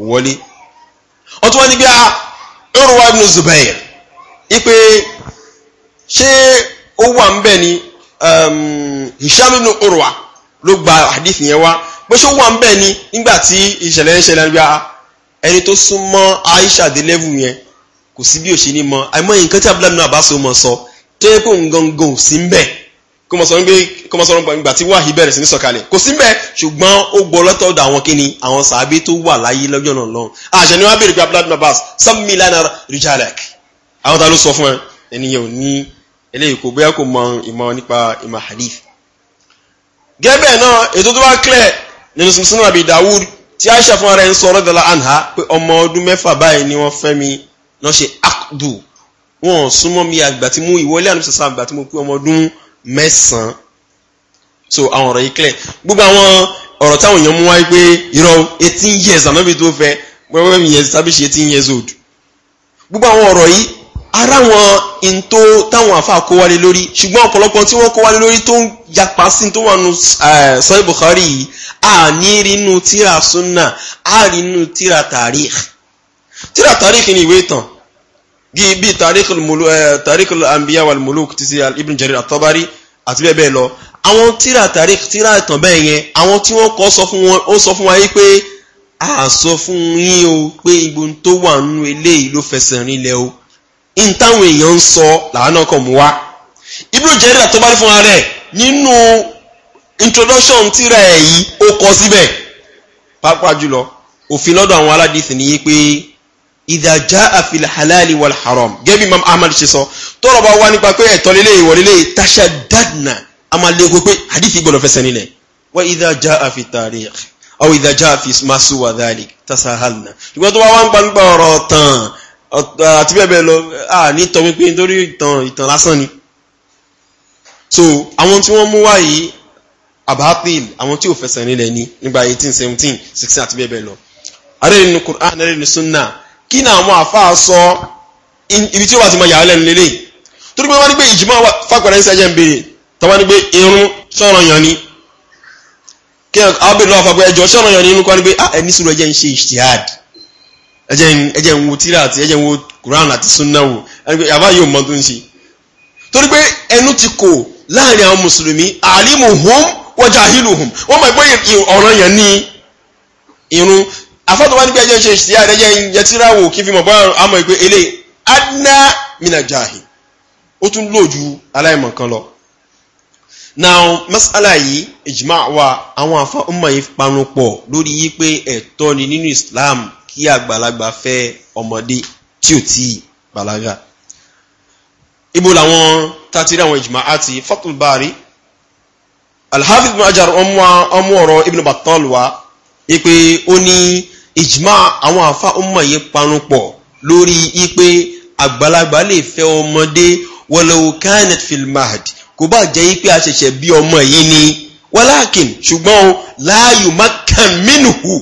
[SPEAKER 1] wọlé wọ́n tún wá ní bí a Urwa ibn Zubair ipe ṣé ó wà ń bẹ̀ ni um, Hisham ibn Urwa ló gba hadith yẹn wá pé ṣé ó wà ń bẹ̀ ni nígbà tí ìṣẹ̀lẹ̀ ń bí a ẹni tó súnmọ́ Aisha dé level yẹn kò sí bí òṣèlú mọ́ àìmọ́ nǹkan tí abdullahi náà bá so mọ́ sọ tó yẹ pé òun gangan ò sí ń bẹ̀ kó mọ sọ wípé kó mọ sọ wípé ìgbà tí wàhí bẹ̀rẹ̀ sí ní sọ̀kalẹ̀ kò sí ń bẹ̀ ṣùgbọ́n ó gbọ́ lọ́tọ̀ọ̀dọ̀ àwọn kíni àwọn sàábé tó wà láyé lọ́jọ́ náà lọ́hùn àṣẹ ni wọ́n á béèrè pé abdullahi nabas sami lana rijalek àwọn ta ló sọ fún ẹ ẹnìyẹn ò ní eléyìí kò bóyá kò mọ ìmọ̀ nípa ìmọ̀ hadith gẹ́bẹ̀ náà ètò tó bá clear nínú sùnsùn àbí dawud tí a ṣàfihàn rẹ̀ ń sọ ọ̀rọ̀ dala anha pé ọmọ ọdún mẹ́fà báyìí ni wọ́n fẹ́ mi lọ́ ṣe akdu wọn ò súnmọ́ mi àgbà tí mo ìwọlé àlùmí sàṣà àgbà tí mo pé ọmọ ọdún mẹ́sàn-án so àwọn ọ̀rọ̀ yìí clear gbogbo àwọn ọ̀rọ̀ táwọn èèyàn mú wáyé pé irọ́ eighteen years ànábì tó fẹ́ wẹ́wẹ́ mi yẹn sábì ṣe eighteen years old gbogbo àwọn ọ̀rọ̀ yìí ara wọn ntó táwọn àfa kó wálé lórí ṣùgbọ́n ọ̀pọ̀lọpọ̀ tí wọ́n kó wálé lórí tó ń yapa sí tó wà nù eh, sọ́yìn Bukhari yìí àní rínú tíra sunna àrínú tíra tàríkì tíra tàríkì ni ìwé ìtàn bí tarikul eh, anbiya wal muluk ti sí ibn jarir at-tabari àti bẹ́ẹ̀ bẹ́ẹ̀ lọ àwọn tira tarik tíra ìtàn bẹ́ẹ̀ yẹn àwọn tí wọ́n kọ́ sọ fún wọn ó sọ fún wa yí pé a sọ fún yín o pé igun tó wà nínú eléyìí ló fẹsẹ̀ rinlẹ̀ o n táwọn èèyàn ń sọ làwọn náà kàn wa ibn jarir at-tabari fúnra rẹ̀ nínú introduction tíra ẹ̀ yìí ó kọ síbẹ̀ pàápàá jùlọ òfin lọ́dọ̀ àwọn aládìsí ni yí pé ìdàjá àfìlẹ̀ halali wal haram gẹ́bí imam ahmad ṣe sọ tọ́rọ̀ bá wá nípa pé ẹ̀tọ́ lélẹ̀ ìwọ̀ lélẹ̀ tasha dadna a máa lé gbogbo hadithi gbọdọ̀ fẹsẹ̀ nílẹ̀ wá ìdàjá àfi tarikh aw ìdàjá àfi masu wa dhalik tasahalna ṣùgbọ́n tó bá wá ń pa nípa ọ̀rọ̀ tán àti bẹ́ẹ̀ bẹ́ẹ̀ lọ à ní tọ́ wípé nítorí ìtàn ìtàn lásán ni. so àwọn tí wọ́n mú wá yìí abatil àwọn tí ò fẹsẹ̀ nílẹ̀ ni nígbà eighteen seventeen sixteen àti bẹ́ẹ̀ bẹ́ẹ̀ lọ kí ni àwọn àfáà sọ ibi tí ó wà ti mọ yàrá lẹ́nu lélẹ̀ torí pé wọ́n ní pé ìjìmọ̀ fàpẹ̀rẹ̀ ń sẹ́jẹ̀ ń béèrè tọ́wọ́n ní pé irun sọ̀rọ̀ yàn ni kí abẹ́rẹ́ lọ́wọ́ fàpẹ́ ẹjọ́ sọ̀rọ̀ yàn ni inú kan ní pé ah, ẹni sùúrù ẹjẹ́ ń ṣe ìṣtìhad ẹjẹ́ ń wo tíra àti ẹjẹ́ ń wo Quran àti sunna wo ẹni pé yàrá yóò mọ tó ń ṣe torí pé ẹnu ti kò láàrin àwọn mùsùlùmí àlímù hum wa jahiluhum wọ́n mọ̀ pé ọ̀rọ̀ yàn ni irun àfọ́tò wá ní pé ẹjẹ́ ṣe ìṣìyà ẹ̀rẹ́jẹ́ ìyẹn tí ráwò kí n fi mọ̀ bá àmọ́ ìpè ele adna minajahi ó tún lò ju aláìmọ̀ kan lọ. now masala yìí ìjìmá wa àwọn àfa ọmọ yìí parun pọ̀ lórí yìí pé ẹ̀tọ́ ni nínú islam kí àgbàlagbà fẹ́ ọmọdé tí ò tí ì balaga. ibo làwọn tàtírí àwọn ìjìmá àti fatul bari alhafiz bin ajar ọmọ ọ̀rọ̀ ibn battal wa ipe ó ní ìjìmá àwọn àfa ọmọ yìí parun pọ̀ lórí ipe àgbàlagbà lè fẹ́ ọmọdé wọlọ́wọ́ kainet filmad kò bá jẹ́ ipe àṣẹṣẹ bí ọmọ yìí ni wọ́láàkìn ṣùgbọ́n o láàyò mákàn mínúhù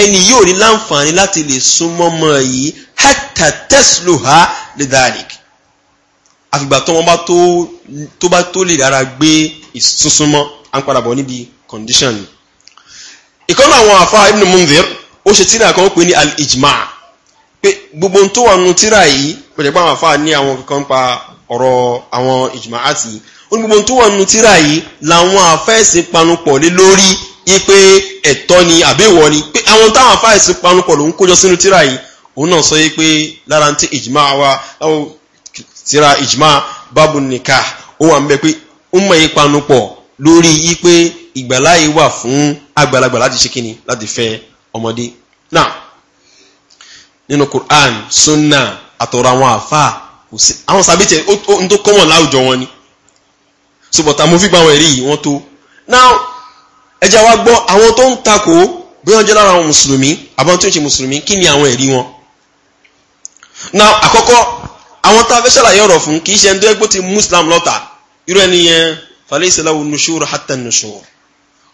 [SPEAKER 1] ẹni yóò ní láǹfààní láti lè súnmọ́ ọmọ yìí hátà tẹ́sílò ha lẹ́dàrík àfìgbà tó wọn bá tó bá tó lè rárá gbé ìsúnsúnmọ́ à ń padà bọ̀ níbi condition yìí ìkọ́nà àwọn àfa ibn Mundhir ó ṣe tíra kan pè ní al-ijma pé gbogbo tó wà nù tíra yìí pẹ̀lú pé àwọn àfa ní àwọn kankan pa ọ̀rọ̀ àwọn ijma àti ó ní gbogbo tó wà nù tíra yìí làwọn àfẹ́sìn panupọ̀ lé lórí ipe ẹ̀tọ́ ni àbẹ̀wọ̀ ni pé àwọn táwọn àfẹ́sìn panupọ̀ lòún kójọ sínú tíra yìí òun náà sọ yìí pé lára ti ijma wa láwọn tíra ijma babu nikah ó wà ń bẹ pé ó mọ̀ yìí panupọ̀ lórí yìí pé ìgbàláyé wà fún àgbàlagbà láti ṣe kíni láti fẹ́ ọmọdé náà nínú Quran sunna àtọ̀rọ̀ àwọn àfáà kò sí àwọn sàbẹ̀tì n tó kọ́mọ̀ láwùjọ wọn ni ṣùgbọ́n mo fi gba àwọn ẹ̀rí yìí wọ́n tó now ẹja wa gbọ́ àwọn tó ń takò bí wọ́n jẹ́ lára àwọn mùsùlùmí àbọ̀n tó ń ṣe mùsùlùmí kí ni àwọn ẹ̀rí wọn now àkọ́kọ́ àwọn tá a fẹ́ ṣàlàyé ọ̀rọ̀ fún kì í ṣe ẹni tó yẹ ti muslim lọ́ta irú ẹni yẹn falẹ́ ìṣẹ̀lẹ̀ wo nuṣúrù hàtà nuṣúrù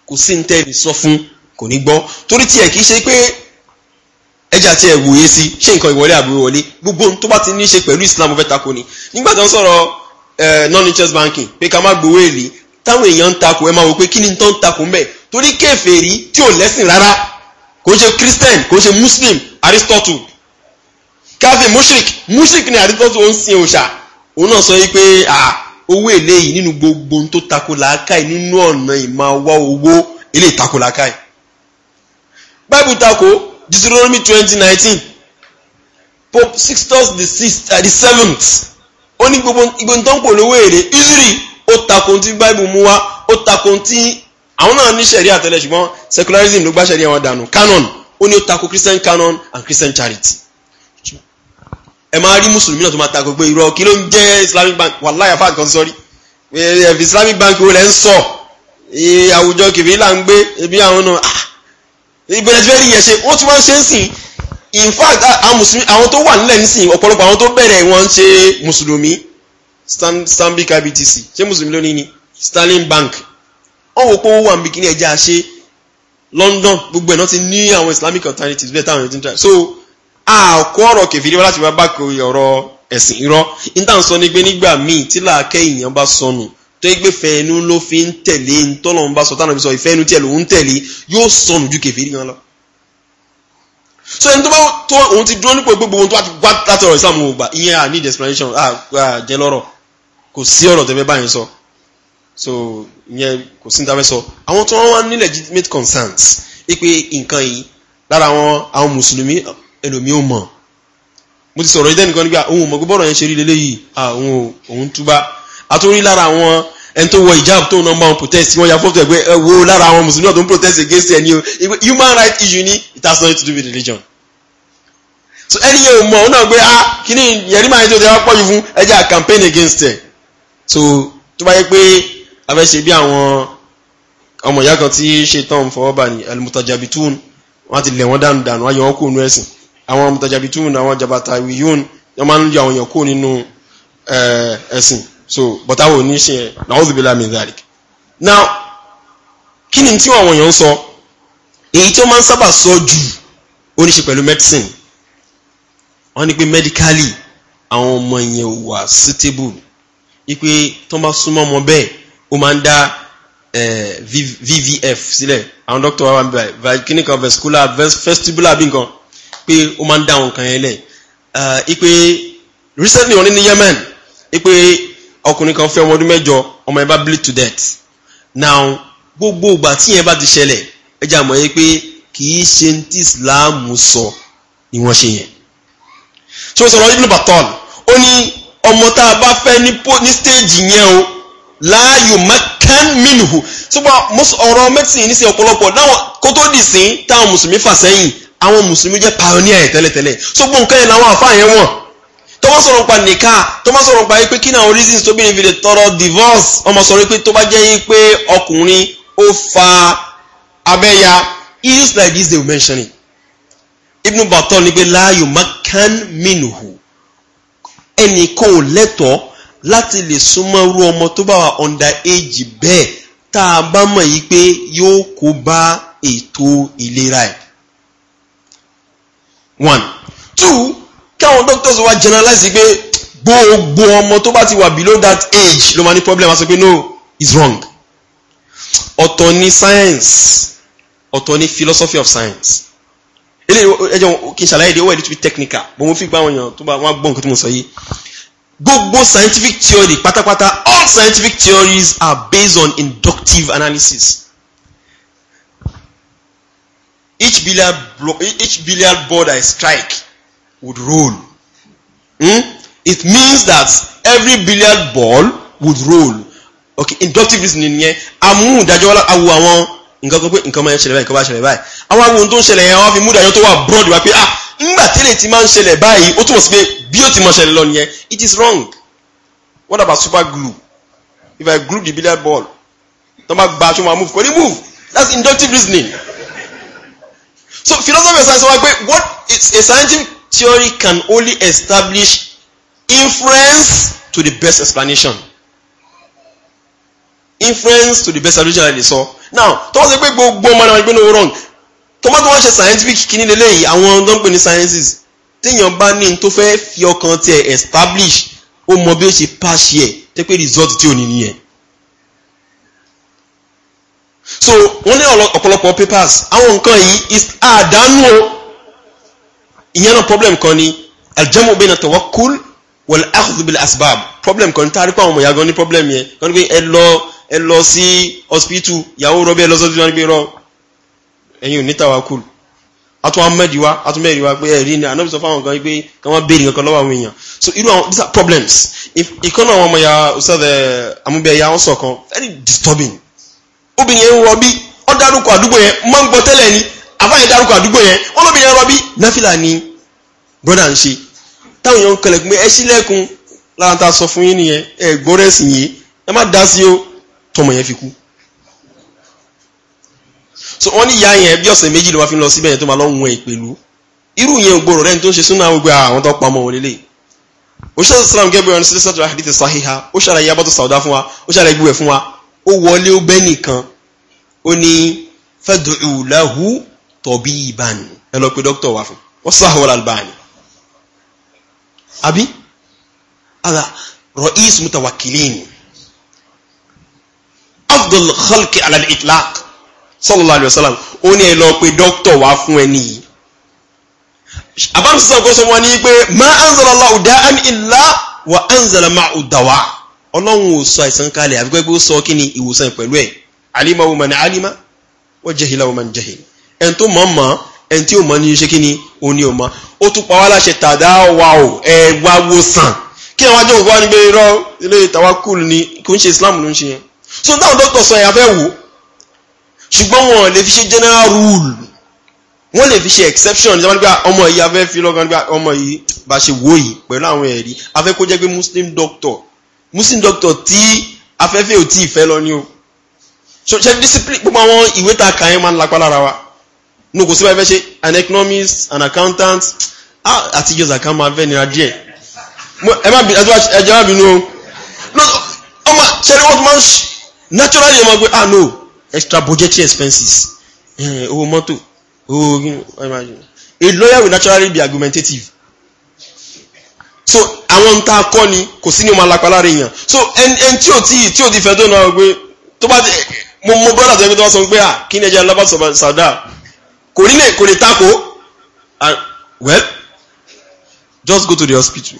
[SPEAKER 1] kò sí ní tẹ́lẹ̀ sọ fún kò ní gbọ́ torí tiẹ̀ kì í ṣe pé ẹjẹ́ àti ẹ̀ wòye sí ṣé nǹkan ìwọlé àbúrò wọlé gbogbo tó bá ti ní í ṣe pẹ̀lú Islam fẹ́ tako ni nígbà tí wọ́n sọ̀rọ̀ non-interest banking pé ká má gbowó èlé táwọn èèyàn ń tako ẹ máa wò pé kí ni tó ń tako mbẹ torí kèfèrí tí ò lẹ́sìn rárá kò ń ṣe Christian kò ń ṣe Muslim Aristotle káfí mushrik mushrik ni Aristotle ó ń sin òòṣà òun náà sọ yìí pé ah, owó èlé yìí nínú gbogbo ohun tó tako làákàyè nínú ọ̀nà ìmọ̀ wá owó èlé ìtako làákàyè bible tako Deuteronomy twenty nineteen Pope Sixtus the sixth uh, the seventh ó ní gbogbo ìgbóntàn kò lówó èlé usury ó tako tí bible mú wá ó tako tí àwọn náà ní sẹ̀rí àtẹlẹ ṣùgbọ́n secularism ló gbá sẹ̀rí àwọn dànù canon ó ní ó tako Christian canon and Christian charity ẹ máa rí mùsùlùmí náà tó máa tako pé irọ́ kí ló ń jẹ́ islamic bank wàláhì àfáà kan sọ́rí ẹ̀fì islamic bank wo lẹ́ ń sọ àwùjọ kìbí là ń gbé ibi àwọn náà ìbẹ̀rẹ̀ ah, tí fẹ́ rí yẹn ṣe wọ́n ti wá ń ṣe ń sìn in fact àwọn tó wà nílẹ̀ nísìn ọ̀pọ̀lọpọ̀ àwọn tó bẹ̀rẹ̀ wọ́n ń ṣe mùsùlùmí stanbic ibtc ṣé mùsùlùmí lónìí ni sterling bank wọ́n wò pé owó wà ń bí kíní ẹja ṣe london gbogbo ẹ̀ náà ti ní àwọn islamic alternatives bẹ́ẹ̀ táwọn ẹ̀ ti ń try so àkó ọ̀rọ̀ kẹfìrí wá láti máa bá kiri ọ̀rọ̀ ẹ̀sìn irọ́ níta ń sọ ni pé nígbà míì tí làákẹ́ èèyàn bá sọnù tó yẹ pé fẹ́ẹ́nu ló fi ń tẹ̀lé ntọ́lọ̀ ń bá sọ tánà bí sọ ìfẹ́ẹ́nu tiẹ̀ ló ń tẹ̀lé yóò sọnù ju kẹfìrí gan lọ. so ẹni tó bá tó òun ti dúró nípò gbogbo ohun tó wá ti gbá látọ̀rọ̀ ìsàmù ògbà ìyẹn à need explanation à jẹ lọ́rọ̀ kò sí ọ̀rọ̀ tẹ́fẹ́ báyìí sọ so ìyẹn kò sí níta fẹ́ sọ àwọn tó wọ́n wá ní legitimate concerns pé nǹkan yìí lára àwọn àwọn mùsùlùmí ẹlòmí ò mọ̀ mo ti sọ̀rọ̀ ìdẹ́nìkan nígbà ohun ọmọ gbọ́rọ̀ yẹn ṣe rí lélẹ́yìí àwọn òun túbá àtúrí lára àwọn ẹni tó wọ ìjáàbù tó ń nọmba wọn protest wọn ya fọ́tò ẹgbẹ́ ẹ wo lára àwọn mùsùlùmí ọ̀dọ́ ń protest against ẹni o human rights issue ni it has nothing to do with religion so ẹni yẹn ò mọ̀ ọ́n náà gbé ah kíní yẹrí máa ń tó tẹ́wọ́ pọ̀jù fún ẹ jẹ́ à campaign against ẹ̀ so tó bá yẹ pé abẹ́ṣe bí àwọn ọmọ ìyá kan tí ṣe tán fọwọ́ bá ní alimutajabitun wọ́n ti lẹ̀ wọ́n dànù dànù ayọ̀ wọn kò nú ẹ̀sìn àwọn mutajabitun àwọn jabatawiyun wọ́n máa ń yọ àwọn èèyàn kó nínú eh, ẹ̀sìn so but àwọn òní ṣe yẹn na'udhu now kí ni tí àwọn èèyàn ń sọ èyí tí wọ́n máa ń sábà sọ jù ó ní ṣe pẹ̀lú medicine wọ́n ní pé medically àwọn ọmọ yẹn ò wà suitable wípé tó bá súnmọ́ ọmọ bẹ́ẹ̀ ó máa ń dá eh, vvf sílẹ̀ àwọn dókítà wa wà níbẹ̀ kíní kan vesicular vestibular bí nǹkan pé ó máa ń dá àwọn nǹkan yẹn lẹ̀ uh, recently wọn ní ní Yemen ipe ọkùnrin kan fẹ́ ọmọ ọdún mẹ́jọ ọmọ yẹn bá bleed to death now gbogbo ìgbà tí yẹn bá ti ṣẹlẹ̀ ẹ jà mọ̀ yẹn pé kì í ṣe ti Islam sọ ni wọ́n ṣe yẹn tí wọ́n sọ̀rọ̀ Ibn Battal ó ní ọmọ tá a bá fẹ́ ní stéèjì yẹn o láàyò mẹ́kán mìnìhù ṣùgbọ́n ọ̀rọ̀ mẹ́tìsìn ní sí ọ̀pọ̀lọpọ̀ kó tó dì sí táwọn mùsùlùmí fà sẹ́yìn àwọn mùsùlùmí jẹ́ pioneer ẹ̀ tẹ́lẹ̀tẹ́lẹ̀ so gbọ́n nǹkan yẹn làwọn àfáà yẹn wọ̀n tó bá sọ̀rọ̀ pa nìka tó bá sọ̀rọ̀ pa pé kí ni àwọn reasons tóbìnrin fi lè tọrọ divorce ọmọ sọ̀rọ̀ pé tó bá jẹ́ yín pé ọkùnrin ó fa abẹ́ya issues like this they were mentioning ibn batol ni pé láàyò makan minuhu ẹnì kò lẹ́tọ̀ọ́ láti lè súnmọ́ irú ọmọ tó bá wà under age bẹ́ẹ̀ tá a bá mọ̀ yí pé yóò kó bá ètò ìlera ẹ̀ one two káwọn doctors wa generalize pé gbogbo ọmọ tó bá ti wà below that age ló máa ní problem a sọ pé no it's wrong ọ̀tọ̀ ni science ọ̀tọ̀ ni philosophy of science eléyìí ẹjọ kí n ṣàlàyé de ó wẹ̀ nítorí technical bó mo fi gbá àwọn èèyàn tó bá wọn gbọ́ nǹkan tó mo sọ yìí gbogbo scientific theory pátápátá all scientific theories are based on inductive analysis each billiard each billiard ball I strike would roll. Hmm? It means that every billiard ball would roll. Okay, inductive reasoning yẹn amú ìdájọ́ awo àwọn nǹkan kan pé nǹkan máa ń ṣẹlẹ̀ báyìí nǹkan máa ń ṣẹlẹ̀ báyìí àwọn awo tó ń ṣẹlẹ̀ yẹn wọ́n fi mú ìdájọ́ tó wà broad wá pé ah ńgbà tẹ́lẹ̀ ti máa ń ṣẹlẹ̀ báyìí ó túmọ̀ sí pé bí ó ti máa ṣẹlẹ̀ lọ nìyẹn it is wrong. What about super glue? If I glue the billiard ball, tó máa gba aṣọ máa move kò ní move that's inductive reasoning so philosophy of science wá pé what is a scientific theory can only establish inference to the best explanation inference to the best solution i dey sọ now tó wọ́n sọ pé gbogbo ọmọ náà gbẹ́nu wrong tó wọ́n tó wọ́n ṣe scientific kìíní lélẹ́yìí àwọn tó ń pè ní sciences téèyàn bá ní tó fẹ́ fi ọkàn tiẹ̀ establish ó mọ bí ó ṣe pass yẹ tẹ́ pé result tí ò ní nìyẹn so wọ́n ní ọ̀pọ̀lọpọ̀ papers àwọn nǹkan yìí is àdánù o ìyẹn náà problem kan ni aljamu bena tawakkul wal akhdh bil asbab problem kan tá a rí pé àwọn ọmọ ìyá ní problem yẹn kan ní pé ẹ lọ ẹ lọ sí hospital ìyàwó rọ bí ẹ lọ sọ́dún wọn ní pé rọ ẹ̀yin ò ní tawakkul atún amẹ́dì wa atún mẹ́rin wa pé ẹ̀rí ni anábìsọ fáwọn kan pé kí wọ́n béèrè kankan lọ́wọ́ àwọn èèyàn so irú àwọn these are problems ìkànnà àwọn ọmọ ìyá ọ̀sẹ̀ eh, amúbẹ̀yà wọn sọ̀kan very disturbing obìnrin ń rọbí ọ dárúkọ àdúgbò yẹn mọ́ ń gbọ́ ni àfáàyè dárúkọ àdúgbò yẹn wọ́n lóbìnrin ń rọbí náfìlà ni broda ń ṣe táwọn èèyàn ń kẹlẹ̀ pé ẹ sílẹ̀kùn lára ta sọ fún yín nìyẹn ẹ gbọ́rẹ́ sí yìí ẹ o tọmọ yẹn fi kú. so wọ́n ní ìyá yẹn bí ọ̀sẹ̀ méjì ló máa fi lọ síbẹ̀ yẹn tó máa lọ́ wọn ìpèlú irú yẹn gbòòrò rẹ́ni tó ń ṣe súnà gbogbo àwọn tó pamọ́ wọlé lẹ́yìn òṣìṣẹ́ sàlámù gẹ́gbẹ́ ọ̀run sí sọ́tọ̀ àdìtẹ̀ ó ṣàlàyé abọ́tò sàwọ́dá ó wọlé ó bẹ́ nìkan ó ní fẹ́dùrúláhù tọ̀bí ìbànú ẹ lọ pé dókítà wà fún wọ́n sáhùn albani àbí ara rọ̀ís mutawakilin afdol khalki alal itlaq sallallahu alayhi wa sallam ó ní ẹ lọ pé dókítà wà fún ẹni yìí àbáṣe sọ̀kọ́ sọ wọn ní pé ma anzala Allahu da'an illa wa anzala ma'u ọlọ́run ò sọ àìsàn kalẹ̀ àfikọ́ pé ó sọ kí ni ìwòsàn pẹ̀lú ẹ̀ alima wo man alima wa jahila wo man jahil ẹn tó mọ̀ mọ̀ ẹn tí ò mọ̀ ní ṣe kí ni ó ní ò mọ̀ ó tún pa wá láṣẹ tàdá wa ò ẹ wá wo sàn kí àwọn ajọ́ òkú wa ní pé irọ́ ilé tawakul ni kò ń ṣe islam ló ń ṣe yẹn so táwọn dókítà sọ yẹn afẹ́ wò ṣùgbọ́n wọn lè fi ṣe general rule wọ́n lè fi ṣe exception ṣe wọ́n nígbà ọmọ yìí afẹ́ fi lọ́gán nígbà ọmọ yìí bá ṣe wò yìí pẹ̀lú àwọn ẹ̀rí afẹ́ kó jẹ́ pé muslim doctor muslim doctor tí afẹ́fẹ́ ò tí ì fẹ́ lọ ní o so ṣe discipline gbogbo àwọn ìwé ta kà yẹn máa ń lapa lára wa no kò sí báyìí fẹ́ ṣe an economist an accountant àti jésù àká máa fẹ́ nira díẹ̀ ẹ má bínú ẹ jẹ́ má bínú o ọmọ ṣẹlẹ wọn máa ń naturally ọmọ pé ah no extra budgetary expenses eh, owó mọ́tò owó a lawyer will naturally be argumentative so àwọn ń ta akọ ni kò sí ní o máa lapa lára èèyàn so ẹni tí o ti tí o ti fẹ́ tó náà gbé tó bá mo mo brọ́dà tó ń gbé tó bá sọ pé à ah, kí ni ẹja ńlá bá sàdá kò ní lè kò lè tako ah, well just go to the hospital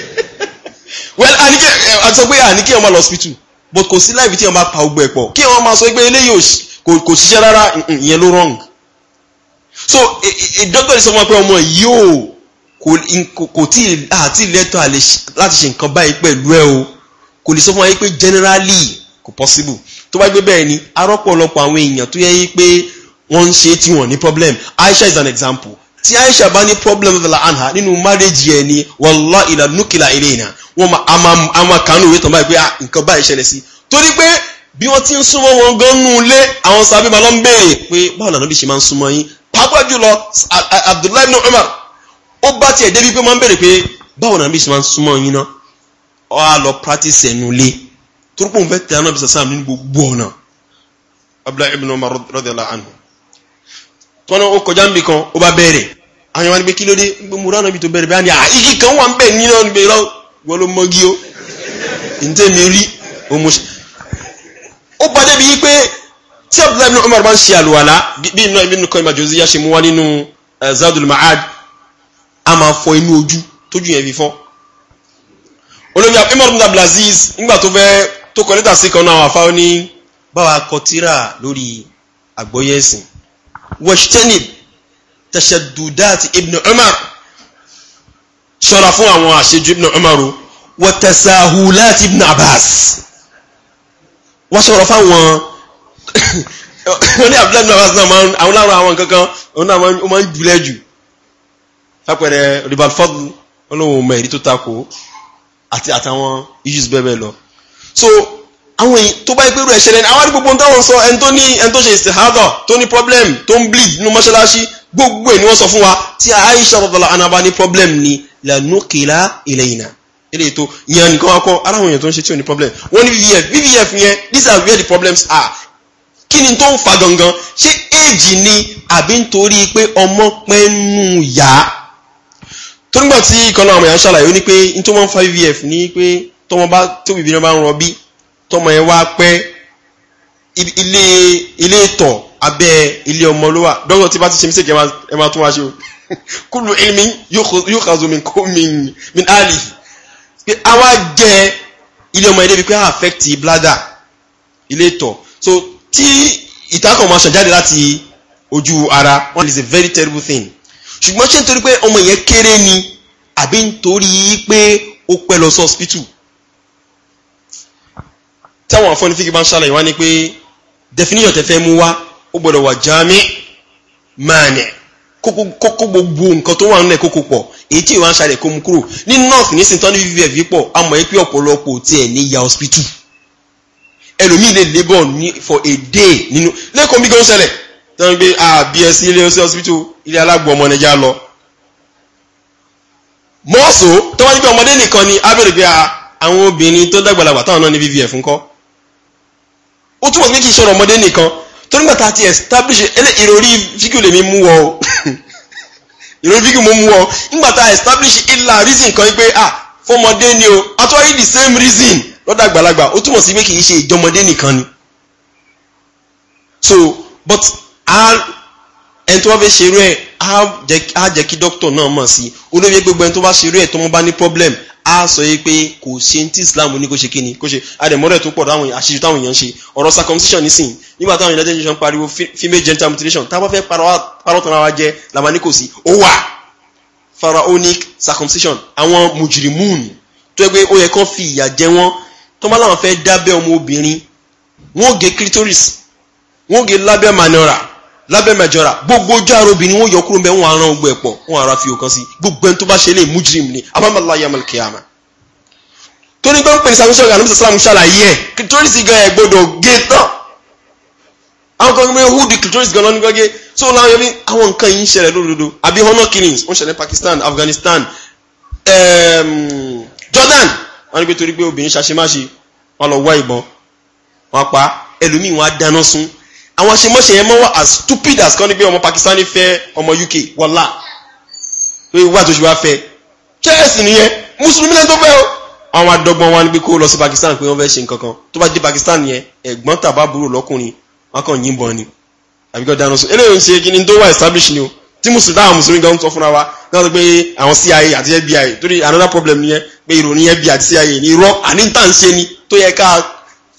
[SPEAKER 1] well àníkẹ́ àti sọ pé àníkẹ́ ọmọ lọ hospital but kò sí láìpẹ́ tí wọ́n bá pa ogbó ẹ̀ pọ̀ kí wọ́n máa sọ pé eléyìí kò ṣiṣẹ́ rárá ìyẹn ló wrong so doctor sọ fún wa pé ọmọ yìí ò kò tí àti lẹ́tọ̀ láti ṣe nǹkan báyìí pẹ̀lú ẹ o kò lè sọ fún wa pé generally kò possible tó bá gbé bẹ́ẹ̀ ni arọ́pọ̀lọpọ̀ àwọn èèyàn tó yẹ yìí pé wọ́n ń ṣe tí wọ́n ní problem Aisha is an example tí Aisha bá ní problem of anha nínú marriage yẹn ni wàllá ìlà núkìlà ilé ìnà wọ́n a máa kàánú ìwé tán báyìí pé ah, nǹkan báyìí ṣẹlẹ̀ sí torí pé bí wọ́n ti ń súnmọ́ wọn gan nù lé àwọn sábẹ́ ó bá tiẹ̀ débi pé máa ń bèrè pé báwo náà bí ṣe máa ń súnmọ́ yín náà ọ á lọ practice ẹnu lé torípò ń fẹ́ tẹ anábì sàsàm ní gbogbo ọ̀nà abdullahi ibn umar radiyallahu anhu tọ́nà ó kọjá níbi kan ó bá bẹ̀rẹ̀ àwọn ìwà ni pé kí ló dé mo rán anábì tó bẹ̀rẹ̀ bẹ́ẹ̀ ni àìkí ah, kan wà ń bẹ̀ nínú ọ̀nà ìgbéyàwó wọ́n ló mọ́gí o ǹtẹ́ mi rí o mo ṣe ó bá débi yí pé tí abdullahi ibn umar bá ń ṣe àlùwàlá bí ibn ibn qayyim al-jawziyya ṣe mú wá nínú eh, zadul ma'ad a máa fọ inú ojú tójú yẹn fi fọ́ olóyè Umar ibn Abdulaziz nígbà tó fẹ́ tó kọ lẹ́tà sí kan náà àwọn ní báwa kọ tírà lórí àgbọ́yé ẹ̀sìn wọ́ṣítẹ́nì tẹ̀sẹ̀dùdáàtì ibn Umar ṣọ́ra fún àwọn àṣejù ibn Umar wọ́tẹ̀sàhùláàtì ibn Abbas wọ́n ṣọ́ra fáwọn wọ́n ní abdullahi ibn Abbas náà àwọn lára àwọn kankan wọ́n náà máa ń jùlẹ̀ jù lápẹẹrẹ ribalfọdù olóhùn ọmọ èrí tó takò àti àtàwọn issues bẹ́ẹ̀ lọ so àwọn èyí tó bá ìpérò ẹ̀ṣẹ̀ lẹ́nu àwọn àdìgbò táwọn sọ ẹni tó ní ẹni tó ṣe ìsìnkádọ̀ tó ní problem tó ń bleed nínú mọ́ṣáláṣí gbogbo ẹ̀ ni wọ́n sọ fún wa tí Aisha rọ̀dọ̀lá anaba ní problem ni lanukila ilayna ilé ètò ìyẹn nìkan akọ aláwọn èèyàn tó ń ṣe tí ò ní problem wọ́n ní vvf vvf yẹn these are where the problems are kí ni tó ń fa gangan ṣé éèjì ni àbí nítorí pé ọmọ pẹ́ nù yá tó nígbà tí ìkan náà àwọn èèyàn ṣàlàyé ó ní pé ní tó máa ń fa ivf e ní pé tọmọ bá tóbi ìbílẹ̀ bá ń rọbí tọmọ ẹ wá pẹ́ ilé ilé ìtọ̀ abẹ́ ilé ọmọ ló wà dọ́gbọ̀n tí bá ti ṣe mí sèké ẹ máa tún wá ṣe o kúlù ẹ̀mí yóò kàzó mi kó mi àlì pé a wá jẹ ilé ọmọ ẹdẹ bíi pé affect bladder ilé ìtọ̀ so tí ìtàkùn máa ṣàn jáde láti ojú ara one is a very terrible thing ṣùgbọ́n ṣé nítorí pé ọmọ yẹn kéré ni àbí nítorí pé ó pẹ́ lọ sí hospital táwọn afọ́nifíkì bá ń ṣàlàyé wá ni pé definition tẹ fẹ́ mú wá ó gbọ́dọ̀ wà jámí mánẹ̀ kókó gbogbo nǹkan tó wà nílẹ̀ kókó pọ̀ èyí tí ìwà ń ṣàlẹ̀ kó mu kúrò ní north nísìnyí tán ní vvf pọ̀ amọ̀ yìí pé ọ̀pọ̀lọpọ̀ tiẹ̀ ní ya hospital ẹlòmíì lè labour for a day nínú lẹ́kọ̀ọ́ bí gan ṣẹlẹ̀ tó ń gbé àbí ẹ sí ilé hospital ilé alágbó ọmọ nìjà lọ. mọ́ọ̀sù tó wájú pé ọmọdé nìkan ni abẹ́rẹ́ pé àwọn obìnrin tó dàgbàlagbà táwọn náà ní vvf ńkọ́. ó túmọ̀ sí kí n sọ̀rọ̀ ọmọdé nìkan tó nígbà tá a ti establish ẹlẹ́ ìròrí fíkì lèmi mú wọ o ìròrí fíkì mú wọ nígbà tá a establish ìlà reason kan pé ah fọmọdé ni o àtúwárí the same reason lọ́dọ̀ ó túmọ̀ sí pé kì í ṣe ìjọmọdé nìkan ni. so but ẹni tó wá fẹ́ ṣerú ẹ̀ á jẹ́ kí dókítà náà mọ̀ sí olóyè gbogbo ẹni tó bá ṣerú ẹ̀ tó mọ́ bá ní problem á sọ yìí pé kò ṣe ní tí islam ní kò ṣe kíni kò ṣe àdèmọ́rẹ̀ tó pọ̀ táwọn àṣírí táwọn èèyàn ṣe ọ̀rọ̀ circumcision nísìn nígbà táwọn united nations pariwo female genital mutilation táwọn fẹ́ parọ́ tán ara jẹ làwọn ní kò sí ó wà pharaonic circumcision àwọn mujrimun tó yẹ pé ó yẹ kán fi ìyà jẹ wọn tó má láwọn fẹ́ dábẹ́ ọmọ obìnrin wọn ò gé clitoris wọn ò gé lábẹ́ manora lábẹ́ mẹjọra gbogbo ojú àrò obìnrin wọn yọ kúrò mbẹ wọn aràn ogbó ẹ̀pọ̀ wọn ara fi òkan sí gbogbo ẹni tó bá ṣe lè mújírìm ni abámalá yamal kiyama. torí pé ń pè ní sàmúṣọ ìyá anamísà sàlámù ṣàlàyé ẹ kìtòrìsì gan ẹ gbọ́dọ̀ gé tán àwọn kan gbé húdì kìtòrìsì gan lọ́nìkan gé so láwọn yẹn bí àwọn nǹkan yìí ń ṣẹlẹ̀ lódodo àbí honor killings wọ́n ṣẹlẹ̀ Pakistan Afghanistan ehm, Jordan wọ́n ní pé torí pé obìnrin ṣàṣemáṣe wọ́n lọ wá àwọn ṣemọ́ṣe yẹn mọ́ wá as stupid as kan ní pé ọmọ Pakistani fẹ́ ọmọ UK wọlá pé wíwá tó ṣe wá fẹ́ chẹ́ẹ̀sì nìyẹn mùsùlùmí lẹ́nu tó fẹ́ o àwọn adọ́gbọ́n wa ni pé kó lọ sí Pakistan pé wọ́n fẹ́ ṣe nǹkan kan tó bá dé Pakistan yẹn ẹ̀gbọ́n tàbá burú lọ́kùnrin wọn kàn yìnbọn ni àbíkọ́ dáná sọ eléyìí ń ṣe kí ni tó wà establish ni o tí mùsùlùmí táwọn mùsùlùmí gan sọ fúnra wa náà sọ pé àwọn CIA àti FBI torí another problem nìyẹn pé ìròyìn FBI àti CIA ni irọ́ àní tá à ń ṣe ni tó yẹ ká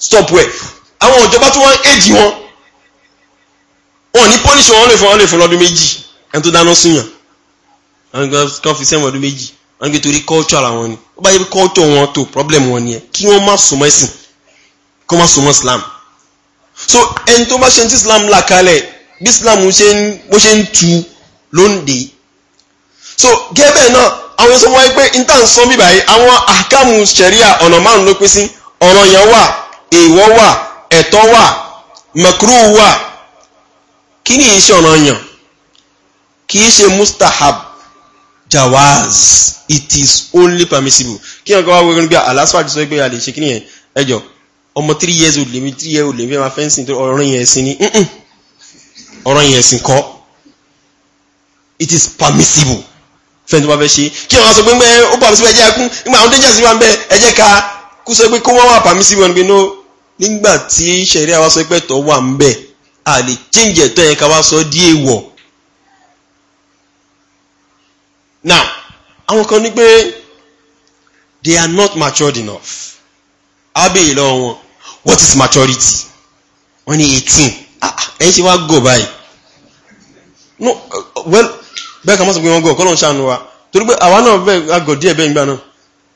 [SPEAKER 1] stop wẹ̀ àwọn ìjọba tó wọ́n éjì wọn wọn ní pọ́nìṣì wọn lè fún wọn lè fún lọ́dún méjì ẹni tó dáná súnyàn wọn kàn fi sẹ́wọ̀n ọdún méjì wọn gbé torí culture ara wọn ni ó bá yẹ bí culture wọn tó problem wọn nìyẹn kí wọ́n má sùnmọ́ ẹ̀sìn kí má sùnmọ́ Islam so ẹni tó bá ṣe ti Islam là kalẹ̀ bí Islam bó ṣe ń tu lóńdè so gẹ́gẹ́ náà àwọn sọ wáyé pé níta ń sọ bíbá yìí àwọn àkàmù ṣẹ̀ríà ọ̀nà márùn-ún ló pín sí ọ̀ranyàn wà èèwọ̀ wà ẹ̀tọ́ wà mẹ̀kúrú wà kíní yìí ṣe ọ̀ranyàn kìí ṣe mustahab jawaz it is only permissible kí wọn kọ́ wá wọ́n gbé aláṣọ àti sọ pé a lè ṣe kíní yẹn ẹjọ́ ọmọ three years old lèmi three years old lèmi máa fẹ́ ń sìn tó ọ̀rọ̀ yẹn ẹ̀sìn ni ọ̀rọ̀ yẹn ẹ̀sìn kọ́ it is permissible fẹ́ni tó bá fẹ́ ṣe kí wọn sọ pé ńgbẹ́ ó permissible ẹ̀jẹ̀ ẹkún nígbà àwọn dangers wà ń bẹ ẹ̀jẹ̀ ká kó sọ pé kó wọ́n wà permissible nígbà tí sẹ̀ríà wá sọ pé tọ́ wà ń bẹ́ẹ̀ a lè change ẹ̀tọ́ yẹn ká wá sọ di èèwọ̀ now àwọn kan ní pé they are not matured enough abéyè lọ́wọ́ wọn what is maturity wọ́n ní eighteen ah, ẹ̀ ṣe wá gò báyìí no well bẹ́ẹ̀ ká má sọ pé wọ́n gò kọ́ ló ń ṣàánú wa torí pé àwa náà bẹ́ẹ̀ agọ̀ díẹ̀ bẹ́ẹ̀ ń gbà náà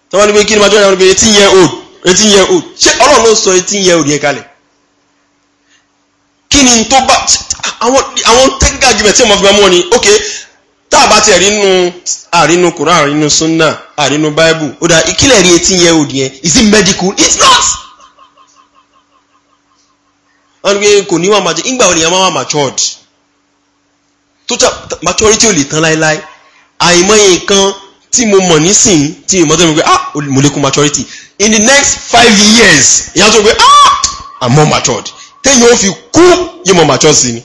[SPEAKER 1] tọ́wọ́n ní pé kí ni maturity wọ́n ní pé eighteen year old eighteen year old ṣé ọlọ́run ló sọ eighteen year old yẹn kalẹ̀ kí ni tó bá àwọn àwọn tẹ́gà jùmẹ̀ tí wọ́n fi máa mú ọ ni ok tá e a bá tiẹ̀ rínú àrínú Quran àrínú sunna àrínú Bible ó dà ìkílẹ̀ rí etí yẹn òdì yẹn is it medical it's not. wọ́n ní pé kò ní wà máa jẹ́ ìgbà wo nìyẹn máa wà matured total maturity ò lè tán láéláé àìmọye nǹkan tí mo mọ̀ nísìn tí mo tẹ́ mi pé ah mo lè kún maturity in the next five years ìyá tó pé ah I'm more matured téèyàn ó fi kú yìí mọ̀ mature sí ni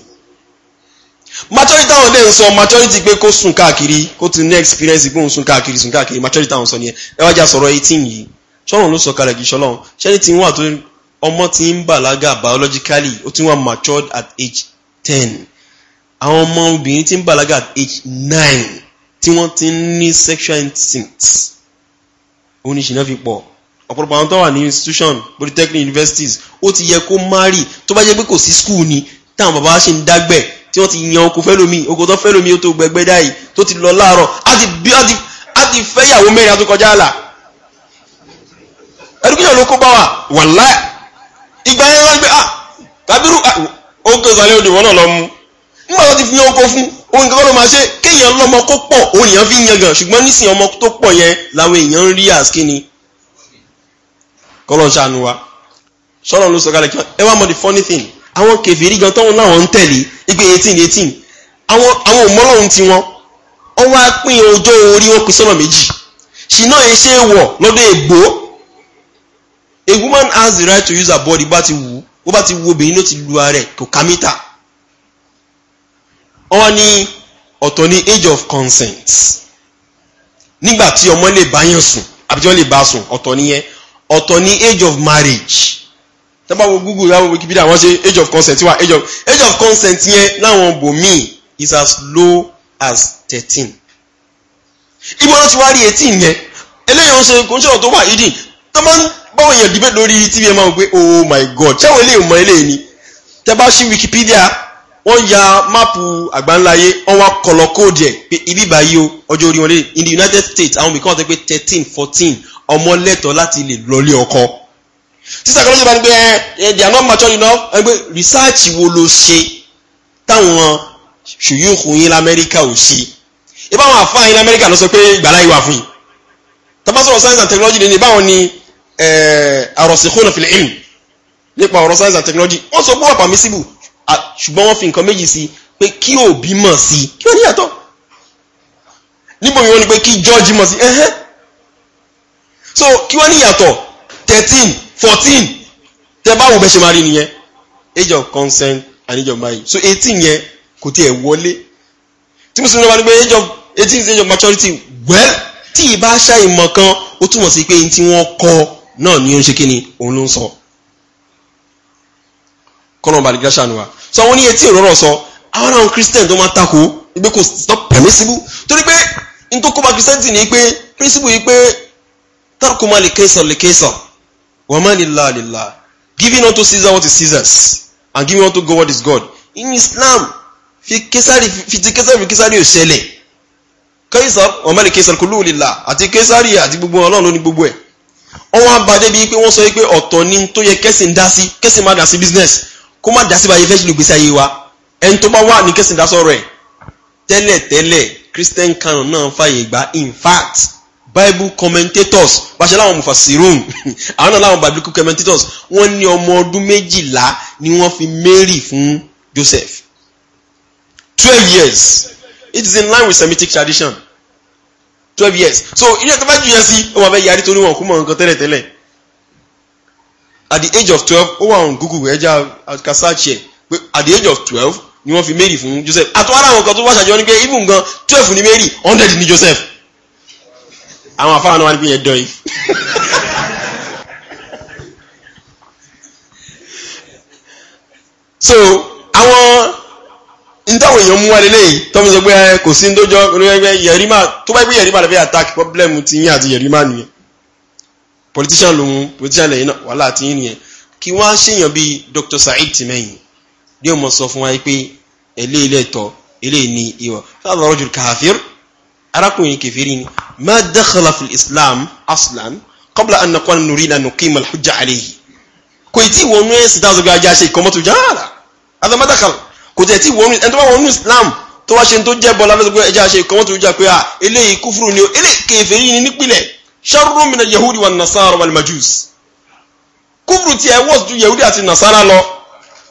[SPEAKER 1] maturity táwọn dẹ̀ ń sọ maturity pé kó sùn káàkiri kó ti ní experience pé òun sùn káàkiri sùn káàkiri maturity táwọn sọ nìyẹn ẹ wájà sọ̀rọ̀ eighteen yìí sọ̀rọ̀ ló sọ kalẹ̀ kì í sọ̀rọ̀ ṣẹ́ni tí ń wà tó ọmọ tí ń bàlágà biologically ó ti wà matured at age ten àwọn ọmọ obìnrin tí ń bàlágà at age nine tí wọ́n ti ń ní sexual instincts oníṣìná fi pọ̀ ọ̀pọ̀lọpọ̀ àwọn tó wà ní institution polytechnic universities ó ti yẹ kó marry tó bá jẹ́ pé kò sí school ni táwọn bàbá ṣe ń dágbẹ̀ tí wọ́n ti yan oko fẹ́lómi oko tó fẹ́lómi ó tó gbẹgbẹ́ dáì tó ti lọ láàárọ̀ àti bí àti fẹ́yàwó mẹ́rin àtúkọjá àlà ẹdùkúnyàn ló kó bá wa wàláì ìgbà yẹn wọ́n gbé ah kábírù ah, oko ìsàlẹ̀ odò wọn náà lọ mú nígbà tó ti fi yan oko fún òun nǹkan kọ́ ló máa ṣe kéèyàn lọ́mọ kó pọ̀ òun èèyàn fi yan gan ṣùgbọ́n nísìnyí ọmọ tó pọ̀ yẹn làwọn èèyàn ń rí àsìkíni kọ́lọ́ ṣàánú wa sọ́lọ́ ló sọ kalẹ̀ kí ẹ wá mọ̀ the funny thing àwọn kẹfìrí gan tọ́hún náà ń tẹ̀lé igbe eighteen eighteen àwọn àwọn òmọ́lọ́hún ti wọn ó wá pín ọjọ́ orí wọn pín sọ́nà méjì ṣìnà ẹ̀ ṣe wọ̀ lọ́dọ̀ ègbó a woman has the right to use her body bá ti wù ó bá ti wù obìnrin ló ti lu ara ẹ̀ kò ká mítà wọ́n ní ọ̀tọ̀ ní age of consent nígbà tí ọmọ lè bá yàn sùn àbíjọ́ lè bá sùn ọ̀tọ̀ nìyẹn ọ̀tọ̀ ní age of marriage tábà wo google láwọn wikipedia wọ́n ṣe age of consent wà age of age of consent yẹn láwọn bòmíì is as low as thirteen ibi wọn ti wá rí eighteen yẹn eléyìí ń ṣe kò ń ṣe ọ̀tọ̀ wà ìdí tó máa báwọn èèyàn dìbẹ́ lórí tv ẹ máa ń pè oh my god ṣáwọn eléyìí mọ eléyìí ni tẹ bá ṣí wikipedia wọ́n ya máàpù àgbáńláyé wọ́n wá kọ̀lọ̀ kóòdì ẹ̀ pé ibi báyìí o ọjọ́ orí wọn lè in the united states àwọn mìíràn tẹ́ pé thirteen fourteen ọmọ lẹ́tọ̀ọ́ láti lè lọlé ọkọ. sísà kan ló sábà ń gbé ẹ they are not mature enough ẹ gbé research wo ló ṣe táwọn ṣùyùkù yín lamẹ́ríkà ò ṣe ìbá àwọn àfáà yín lamẹ́ríkà ló sọ pé ìgbàláyé wà fún yìí tọ́ba sọ̀rọ̀ science and technology ni báwọn eh, ni àròsìkò náà fi lè nípa ọ̀rọ̀ science and technology wọ́n sọ pé wà pàmísìbù ṣùgbọ́n wọ́n fi nǹkan méjì sí pé kí òbí mọ̀ sí kí wọ́n níyàtọ̀ níbo ìwọ́n ni pé kí jọ́ọ̀jì mọ̀ sí ẹ̀hẹ́ so kí wọ́n níyàtọ̀ thirteen fourteen tẹ báwo bẹ́ ṣe máa rí nìyẹn age of consent and age of marriage so eighteen yẹn kò tiẹ̀ wọlé tí mo sì ní wọ́n wá pé age of eighteen is age of maturity well tí ì bá ṣàìmọ̀ kan ó túmọ̀ sí pé tí wọ́n kọ náà ni ó ń ṣe kí ni òun ló ń sọ. So kọ́nà balẹ̀ gíláṣà nù wa so àwọn oníyẹ tí ìrọ̀rọ̀ sọ àwọn àwọn christian tó máa tako ìgbé kò stop permissible torí pé n tó kọ́ba christianity ni pé principle yìí pé tarkuma lè kẹsàn lè kẹsàn wà má lillah lillah giving unto Caesar what is Caesar's and giving unto God what is God in Islam fi kẹsàrì fi ti kẹsàrì fi kẹsàrì ò ṣẹlẹ̀ kẹsàn wà má lè kẹsàn kò lóò lillah àti kẹsàrì àti gbogbo ọlọ́run ló ní gbogbo ẹ̀ wọ́n wá bàjẹ́ bíi pé wọ́n sọ pé ọ̀tọ̀ ni tó yẹ kẹ́sìn dá sí kẹ́sìn má dá sí business kó má dá sí báyìí fẹ́ ṣe lè gbèsè ayé wa ẹni tó bá wà ní kẹsìn dásọ̀rọ̀ ẹ̀ tẹ́lẹ̀ tẹ́lẹ̀ christian canon náà fàyè gbà in fact bible commentators pàṣẹ láwọn mufasirun àwọn náà láwọn bible commentators wọ́n ní ọmọ ọdún méjìlá ni wọ́n fi mary fún joseph twelve years it is in line with semitic tradition twelve years so ilé ẹ̀ka bá jù yẹn sí ọmọ abẹ́ yarí torí wọn kú mọ̀ nǹkan tẹ́lẹ̀ tẹ́lẹ̀ at the age of twelve ó wà on google ẹja kasachi ẹ pé at the age of twelve ni wọ́n fi mary fún joseph àtúwọ́ àwọn kan tó wá ṣàjọ ni pé even gan twelve ni mary hundred ni joseph àwọn afárá náà wá ní pé yẹn dán yìí. so àwọn ntáwọn èèyàn mú wa lélẹ́yìí tọ́mú sọ pé eh, kò sí ní tó jọ yẹrìmá tó bá yẹ pé yẹrìmá lè fẹ́ attack problem ti yín àti yẹrìmá nìyẹn politician lòun politician lẹ́yìn náà wàhálà àti yín nìyẹn kí wọ́n á ṣèyàn bíi Dr. Saheed Timehin ní ọmọ sọ fún wa pé ẹlẹ́ ilé ẹ̀tọ́ ilé ní ìwọ̀ sábà rọ́jò kàfíìr arákùnrin kẹfìrí ni má dakhala fil Islam aslan qabla an naqul nurina nuqima al-hujja alayhi kò ì tí wọnú ẹ̀sìn dáhùn sọ́gbà ajá ṣe ìkọ́mọ́tò jáàrà adama dakhala kò tẹ̀ tí wọnú ẹni tó bá wọnú Islam tó wá ṣe tó jẹ́ bọ́lá lọ́sọ̀gbà ẹja ṣe ìkọ́mọ́tò jà pé à ah, sharru mina yahudi wa nasara wal majus kúfùrù tiẹ̀ wọ́s ju yahudi àti nasara lọ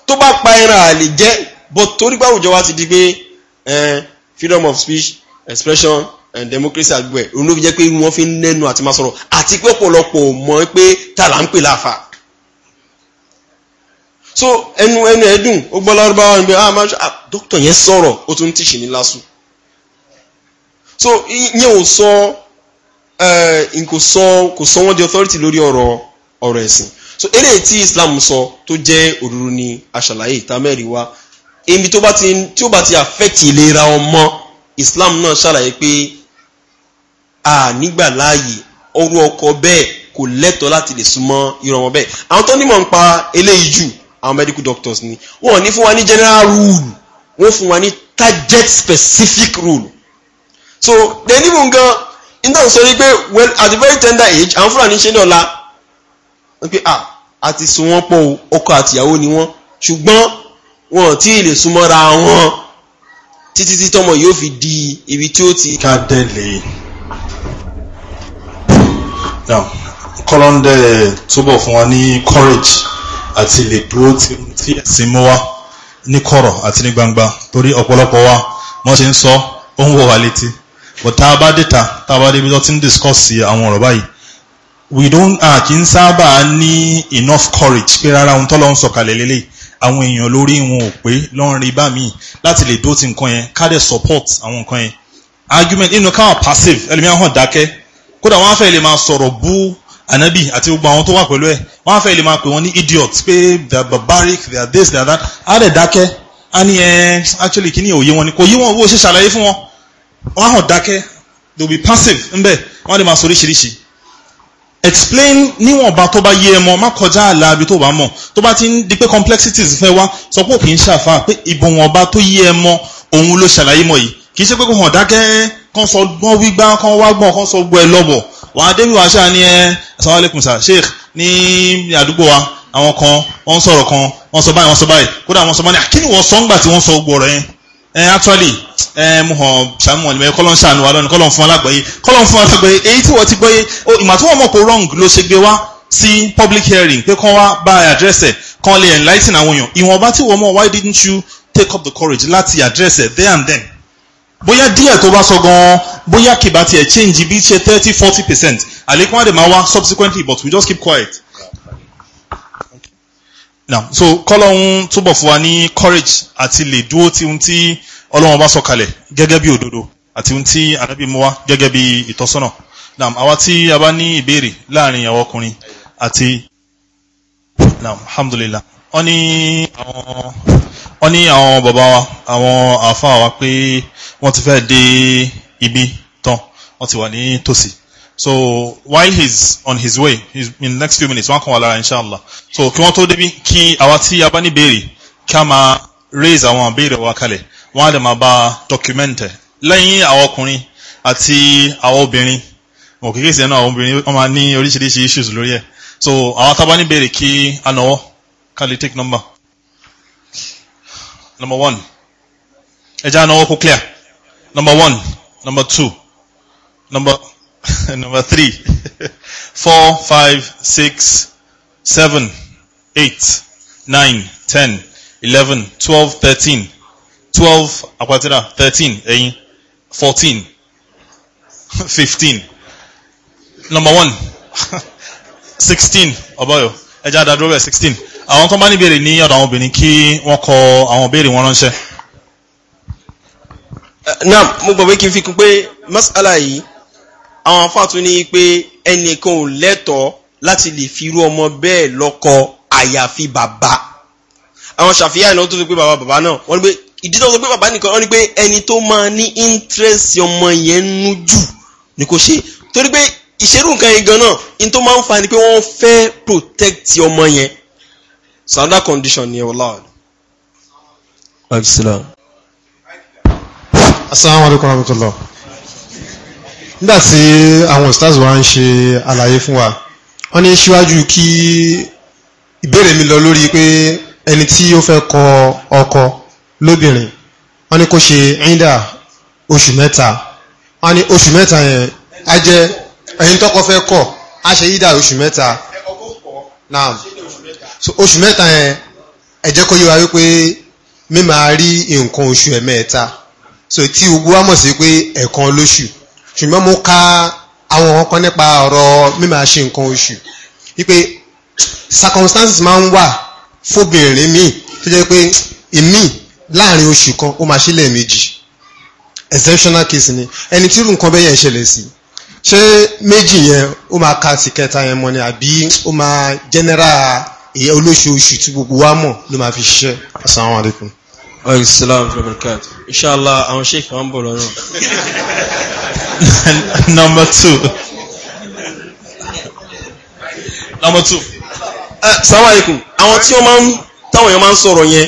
[SPEAKER 1] tó bá pa ẹran àlè jẹ́ but torí pé àwùjọ wa ti di pé freedom of speech expression and democracy àgbẹ̀ òun ló fi jẹ́ pé wọ́n fi ń nẹ́nu àti máa sọ̀rọ̀ àti pé ọ̀pọ̀lọpọ̀ mọ̀ pé ta là ń pè láàfà so ẹnu ẹnu ẹdùn ó gbọ́ lárúbáwá níbi ah máa ah, dókítà yẹn sọ̀rọ̀ ó tún tíṣì ní lásù so ìyẹn ò sọ Eh, kò sọ kò sọ wọ́n di authority lórí ọ̀rọ̀ ọ̀rọ̀ ẹ̀sìn so eré tí islam sọ tó jẹ́ òdodo ni aṣàlàyé ìta mẹ́rin wa ibi tó bá ti tí ó bá ti affect ìlera ọmọ islam náà ṣàlàyé pé a nígbà láàyè ọrú ọkọ bẹ́ẹ̀ kò lẹ́tọ̀ọ́ láti lè súnmọ́ irọ́ ọmọ bẹ́ẹ̀ àwọn tó nímọ̀ ń pa eléyìí jù àwọn medical doctors ni wọn ò ní fún wa ní general rule wọn fún wa ní target specific rule so denimu gan nítorí sọ wípé well at a very tender age àwọn fúlàní ṣe dọ̀la wípé ah àti sùn wọ́n pọ̀ ọkọ àtìyàwó ni wọ́n ṣùgbọ́n wọn ò tí ì lè súnmọ́ra wọn títí tí tọmọ yóò fi di ibi tí ó
[SPEAKER 2] ti. ká délé kọ́lọ́ndẹ̀ túbọ̀ fún wa ní courage àti lè dúró tí ẹ̀sìn mú wa ní kọ̀rọ̀ àti ní gbangba torí ọ̀pọ̀lọpọ̀ wa wọ́n ṣe ń sọ ó ń wọ̀ wá létí but tá a bá déta tá a bá débi tó ti ń discuss àwọn ọ̀rọ̀ báyìí we don't ah kì í sábà ní enough courage pé rárá ohun tó lọ ń sọ̀kalẹ̀ lélẹ̀ àwọn èèyàn lórí wọn ò pé lọ́n rí bá mi láti lè dó ti nǹkan yẹn ká dẹ̀ support àwọn nǹkan yẹn argument nínú káwọn passive ẹlòmíràn hàn dákẹ́ kódà wọ́n á fẹ́ lè máa sọ̀rọ̀ bú anabi àti gbogbo àwọn tó wà pẹ̀lú ẹ̀ wọ́n á fẹ́ lè máa pè wọ́n ní idiot pé they are barbaric they are this they are that á dẹ̀ dákẹ́ á ní ẹ eh, actually kí ni òye wọn ni kò yí wọn owó ṣe ṣàlàyé fún wọn wọ́n hàn dákẹ́ they will be passive ńbẹ̀ wọ́n lè máa sọ oríṣiríṣi explain níwọ̀nba tó bá yé ẹ mọ́ má kọjá àlà àbí tó bá mọ̀ tó bá ti ń di pé complexities fẹ́ wá sọ pé òkè ń ṣàfà pé ìbọ̀wọ̀nba tó yé ẹ mọ́ òun ló ṣàlàyé mọ̀ yìí kì í ṣe pé kò hàn dákẹ́ kán sọ gbọ́n wígbá kán wá gbọ́n kán sọ gbọ́ ẹ lọ́bọ̀ wà á débi wàá ṣáà ní ẹ assalamu alaikum sir sheikh ní àdúgbò wa àwọn kan wọ́n sọ̀rọ̀ kan wọ́n sọ báyìí wọ́n sọ báyìí kódà wọ́n sọ báyìí kí ni wọ́n sọ ńgbà tí wọ́n sọ gbọ́ ọ̀rọ̀ yẹn actually mu hàn sàmù ọ̀nìmọ̀ yẹn kọ́lọ́n sànù wa lọ́nà kọ́lọ́n fún alágbọ̀yé kọ́lọ́n fún alágbọ̀yé èyí tí wọ́n ti gbọ́yé ìmọ̀ tí wọ́n mọ̀ kó wrong ló ṣe gbé wá sí public hearing pé kán wá bá address ẹ̀ kán lè enlighten àwọn èèyàn ìwọ̀nba tí wọ́n mọ̀ why didn't you take up the courage láti address ẹ̀ there and then bóyá díẹ̀ tó bá sọ gan-an bóyá kìbá tiẹ̀ change bí ṣe thirty forty percent àlékún àdèmá wá subsequently but we just keep quiet now so kọ́lọ́hún túbọ̀ fún wa ní courage àti lè dúró ti ohun tí Ọlọ́run bá sọ kalẹ̀ gẹ́gẹ́ bí òdodo àti ohun tí Ànábì mú wá gẹ́gẹ́ bí ìtọ́sọ́nà now àwa tí a bá ní ìbéèrè láàrin àwọn ọkùnrin àti now alhamdulillah wọ́n ní àwọn wọ́n ní àwọn bàbá wa àwọn àáfàá wa pé wọ́n ti fẹ́ dé ibi tán wọ́n ti wà ní tòsí so while he's on his way he's in the next few minutes one kàn wà inshallah so kí tó débi kí awati tí a kama raise àwọn béèrè wa kalẹ̀ wọ́n á dẹ̀ máa bá document ẹ̀ lẹ́yìn àwọn ọkùnrin àti àwọn obìnrin wọn kìí ṣe náà àwọn obìnrin wọ́n máa ní oríṣiríṣi issues lórí ẹ̀ so àwọn tá a de maa ba document ati awa obinrin won kii se naa awon issues lori so awon ta ki ano kali take number number one ẹja náwó kó clear number one number two number. Number three, four, five, six, seven, eight, nine, ten, eleven, twelve, thirteen, twelve, akwatira, thirteen, ẹyin, fourteen, fifteen. Number one, sixteen, ọbọyọ, ẹja àdàdúró bẹ̀ sixteen. Àwọn tó bá ní ìbéèrè ní ọ̀dọ̀ àwọn obìnrin kí wọ́n kọ àwọn ìbéèrè wọn ránṣẹ́. Naam, mo gbàgbé kí n fi kún pé
[SPEAKER 1] mas'ala yìí àwọn afáàtú ní pé ẹnìkan ò lẹ́tọ̀ọ́ láti lè firú ọmọ bẹ́ẹ̀ lọ́kọ àyàfi bàbá àwọn ṣàfihàn náà tó sọ pé bàbá bàbá náà wọ́n ní pé ìdí tó sọ pé bàbá nìkan wọ́n ní pé ẹni tó máa ní íńtírẹ́sì ọmọ yẹn nú jù ni kò ṣe torí pé ìṣerú nǹkan yẹn gan-an tó máa ń fa ni pé wọ́n fẹ́ protect ọmọ yẹn so another condition ni ọ̀la ọ̀la. asalaamualeykum wa rahmatulah nígbà tí àwọn stars wa ń ṣe àlàyé fún wa wọ́n ní síwájú kí ìbéèrè mi lọ lórí pé ẹni tí ó fẹ́ kọ ọkọ lóbìnrin wọ́n ní kó ṣe ẹ̀ńdà oṣù mẹ́ta wọ́n ní oṣù mẹ́ta yẹn á jẹ́ ẹ̀yin tọ́kọ fẹ́ kọ̀ á ṣe ẹ̀ńdà oṣù mẹ́ta náà oṣù mẹ́ta yẹn ẹ jẹ́ kó yé wa wípé mi máa rí nǹkan oṣù ẹ̀mẹ́ta so tí gbogbo wa mọ̀ sí pé ẹ̀kan lóṣù ṣùgbọ́n mo ka àwọn kan nípa ọ̀rọ̀ mímọ̀ ṣe nǹkan oṣù wípé circumstances máa ń wà fóbìnrin míì tó jẹ́ pé ìmíì láàrin oṣù kan ó máa ṣe lẹ́ẹ̀mejì exceptional case ni ẹni tí irú nǹkan bẹ́ẹ̀ yẹn ṣẹlẹ̀ sí ṣé méjì yẹn ó máa ka sí yẹn mọ́ ni àbí ó máa general olóṣooṣù tí gbogbo wa mọ̀ ló máa fi ṣiṣẹ́ asalaamualeykum ọ̀rọ̀ islam rẹ̀bẹ̀rẹ̀kàtù inṣàlá àwọn sheik wọ́n bọ̀ lọ́rọ̀ number two number two eh, assalamu alaikum àwọn tí wọ́n máa ń táwọn èèyàn máa ń sọ̀rọ̀ yẹn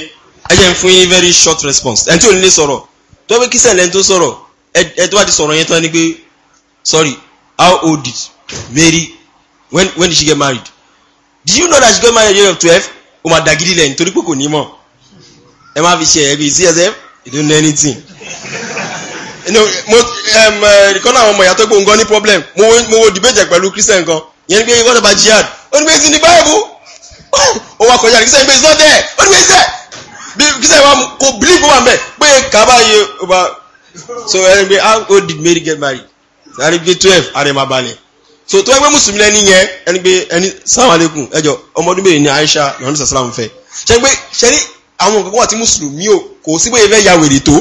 [SPEAKER 1] ẹ fún yín very short response ẹni tí ò ní lè sọ̀rọ̀ tó bí kíṣẹ̀ lẹ́ni tó sọ̀rọ̀ ẹ tó sọ̀rọ̀ yẹn tán ni pé sorry how old did Mary when when did she get married did you know that she got married at the age of twelve o ma dàgídí lẹ́yìn torí pé kò ní mọ̀ ẹ má fi ṣe ẹ̀rí csf you don't know anything mo eh, ìkọ́nà àwọn ọmọ ìyá tó gbóngàn ní problem mo wo debate pẹ̀lú christian kan yẹn ni pé what about jihad ó ní pé it's in the bible ó wá kọjá christian pé it's not there ó ní pé it's there bí christian wa kò believe wa mẹ pé kaba yẹ ọba so ẹni pé how old did Mary get married ẹni pé twelve àrèmà balẹ̀ so tó ẹgbẹ́ mùsùlùmí lẹ́ni yẹn ẹni pé ẹni sàmàlẹ́kùn ẹjọ ọmọdún mẹ́rin ni Aisha muhammadu sallam fẹ́ ṣe pé ṣe ni àwọn nǹkan wà tí mùsùlùmí ò kò sí bóyá fẹ́ ya wèrè tó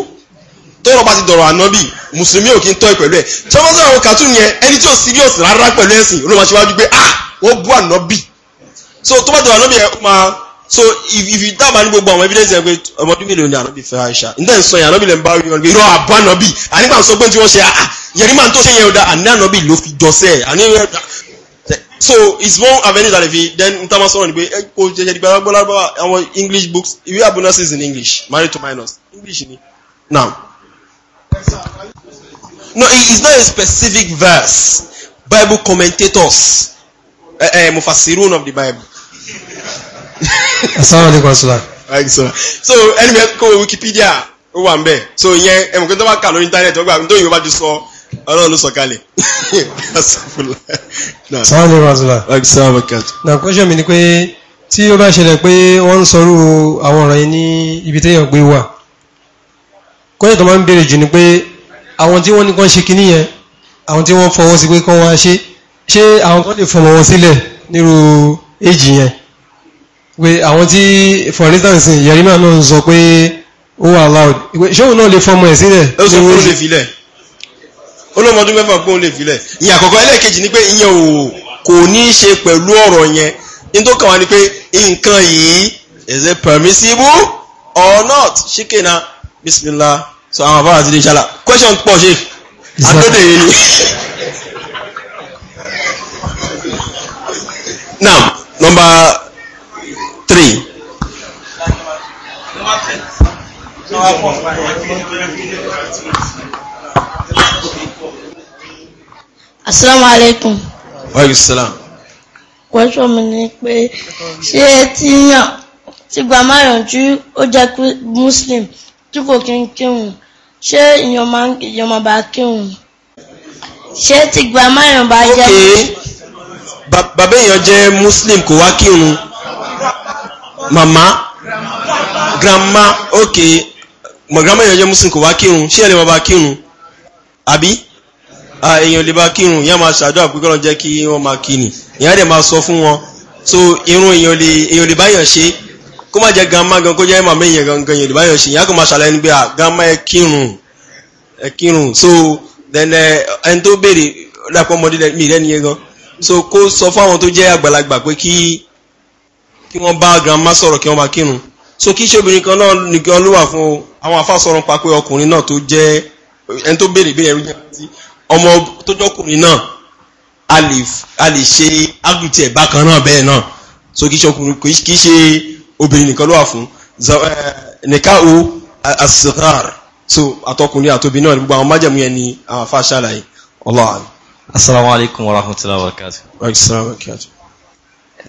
[SPEAKER 1] tọ́rọ̀ bá ti dọ̀rọ̀ ànábì mùsùlùmí ò kí ń tọ́ ẹ pẹ̀lú ẹ̀ tí wọ́n sọ̀rọ̀ kàtún yẹn ẹni tí ò serious rárá pẹ̀lú ẹ̀sìn ló máa ṣíwájú pé ah wọ́n bú ànábì so tó bá dọ̀rọ̀ ànábì ẹ̀ máa so if if you dábàá ní gbogbo àwọn evidence ẹ̀ pé ọmọdún mélòó ni ànábì fẹ́ àṣà ǹdẹ́ ń sọ yẹn ànábì lè ń bá rí wọn pé irọ́ àbọ̀ ànábì ànígbà ń sọ pé tí wọ́n ṣe ah, ah yẹ̀rí máa ń tó ṣe yẹn ọ̀dà àní ànábì ló fi jọ sẹ́ẹ̀ àní so it's one avenue that if then n tama sọ̀rọ̀ ni pé kò jẹjẹrẹ ìgbà gbọ́lágbọ́ àwọn english books ìwé abonasis in english married to minors english ni now no it's not a specific verse bible commentators uh, eh, uh, eh, mufasirun of the bible. asalaamualeykum asalaam. so anyway kó wikipedia ó wà ń bẹ̀ so ìyẹn ẹ̀mọ̀kẹ́ tó bá kà lórí íńtánẹ́ẹ̀tì ọgbà tó yìnbọn bá ti sọ ọlọ́run ló sọ̀kalẹ̀ na question mi ni pé tí ó bá ṣẹlẹ̀ pé wọ́n ń sọrú àwọn ọ̀rọ̀ ní ibi téèyàn gbé wà kọ́yẹ̀ tó máa ń béèrè jù ni pé àwọn tí wọ́n ní kán ṣe kinní yẹn àwọn tí wọ́n fọwọ́ sí pé kán wá ṣe ṣé àwọn kan lè fọmọ wọn sílẹ̀ nírú èjì yẹn pé àwọn tí for instance yẹ̀rí náà náà ń sọ pé ó wà loud ṣé òun náà lè fọmọ ẹ̀ sílẹ̀ olómọdún mẹ́fà pé òun lè filẹ̀ ìyẹn àkọ́kọ́ ẹlẹ́ẹ̀kejì ni pé ìyẹn ò kò ní í ṣe pẹ̀lú ọ̀rọ̀ yẹn ní tó kàn wá ni pé nǹkan yìí is it permissible or not ṣíkìnà bismillah so àwọn àbára ti di ṣálà question pọ̀ ṣe àdóde yìí ni. now number three. Number three. Assalamu alaikum. Wa alaikum salam. Question mi ni pé ṣé tíyàn tí Gbàmáyàn tí ó jẹ́ Muslim tí kò kí ń kírun ṣé èèyàn máa ń èèyàn máa bá kírun? Ṣé tí Gbàmáyàn bá jẹ́ Muslim? Bàbá èèyàn jẹ́ Muslim kò wá kírun. Màmá grandma ok mọ̀ grandma èèyàn jẹ́ Muslim kò wá kírun ṣé ẹ̀ lè máa bá kírun? àbí èèyàn lè bá kírun ìyá máa ṣàdúrà pé kọ́lọ́ jẹ́ kí wọ́n máa kí ìyá dẹ̀ máa sọ fún wọn so irun èèyàn lè báyàn ṣe kó má jẹ́ gan mágan kó jẹ́ màmá èèyàn gangan èèyàn lè báyàn ṣe ìyá kò máa ṣàlàyé ni gan máa ẹ kírun ẹ kírun so eh, ẹni tó béèrè lápọ̀ ọmọdé mi rẹ́ nìyẹn gan so kó sọ fún àwọn tó jẹ́ àgbàlagbà pé kí kí wọ́n bá grandma sọ̀rọ̀ kí wọ́n máa kírun so kí ṣe obìnrin kan náà nìkan ló wà fún àwọn afásọ̀rọ̀ pa pé ọkùnrin náà tó jẹ́ ẹni tó béèrè béèrè ẹrú yẹn ti ọmọ tó jọkùnrin náà a lè ṣe ágùtì ẹ̀ bákan náà bẹ́ẹ̀ náà so kì í ṣe ọkùnrin kì í ṣe obìnrin nìkan ló wà fún nìka o asigar so àtọkùnrin àtòbí náà gbogbo àwọn májẹ̀mú yẹn ni àwọn afá ṣàlàyé ọlọ́run.
[SPEAKER 2] asalaamualeykum wa rahmatulahi wa barakatu. wa rahmatulahi wa barakatu.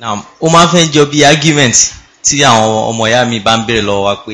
[SPEAKER 1] naam o máa fẹ́ jọ bí argument tí àwọn ọmọ ìyá mi bá ń béèrè lọ́wọ́ wa pé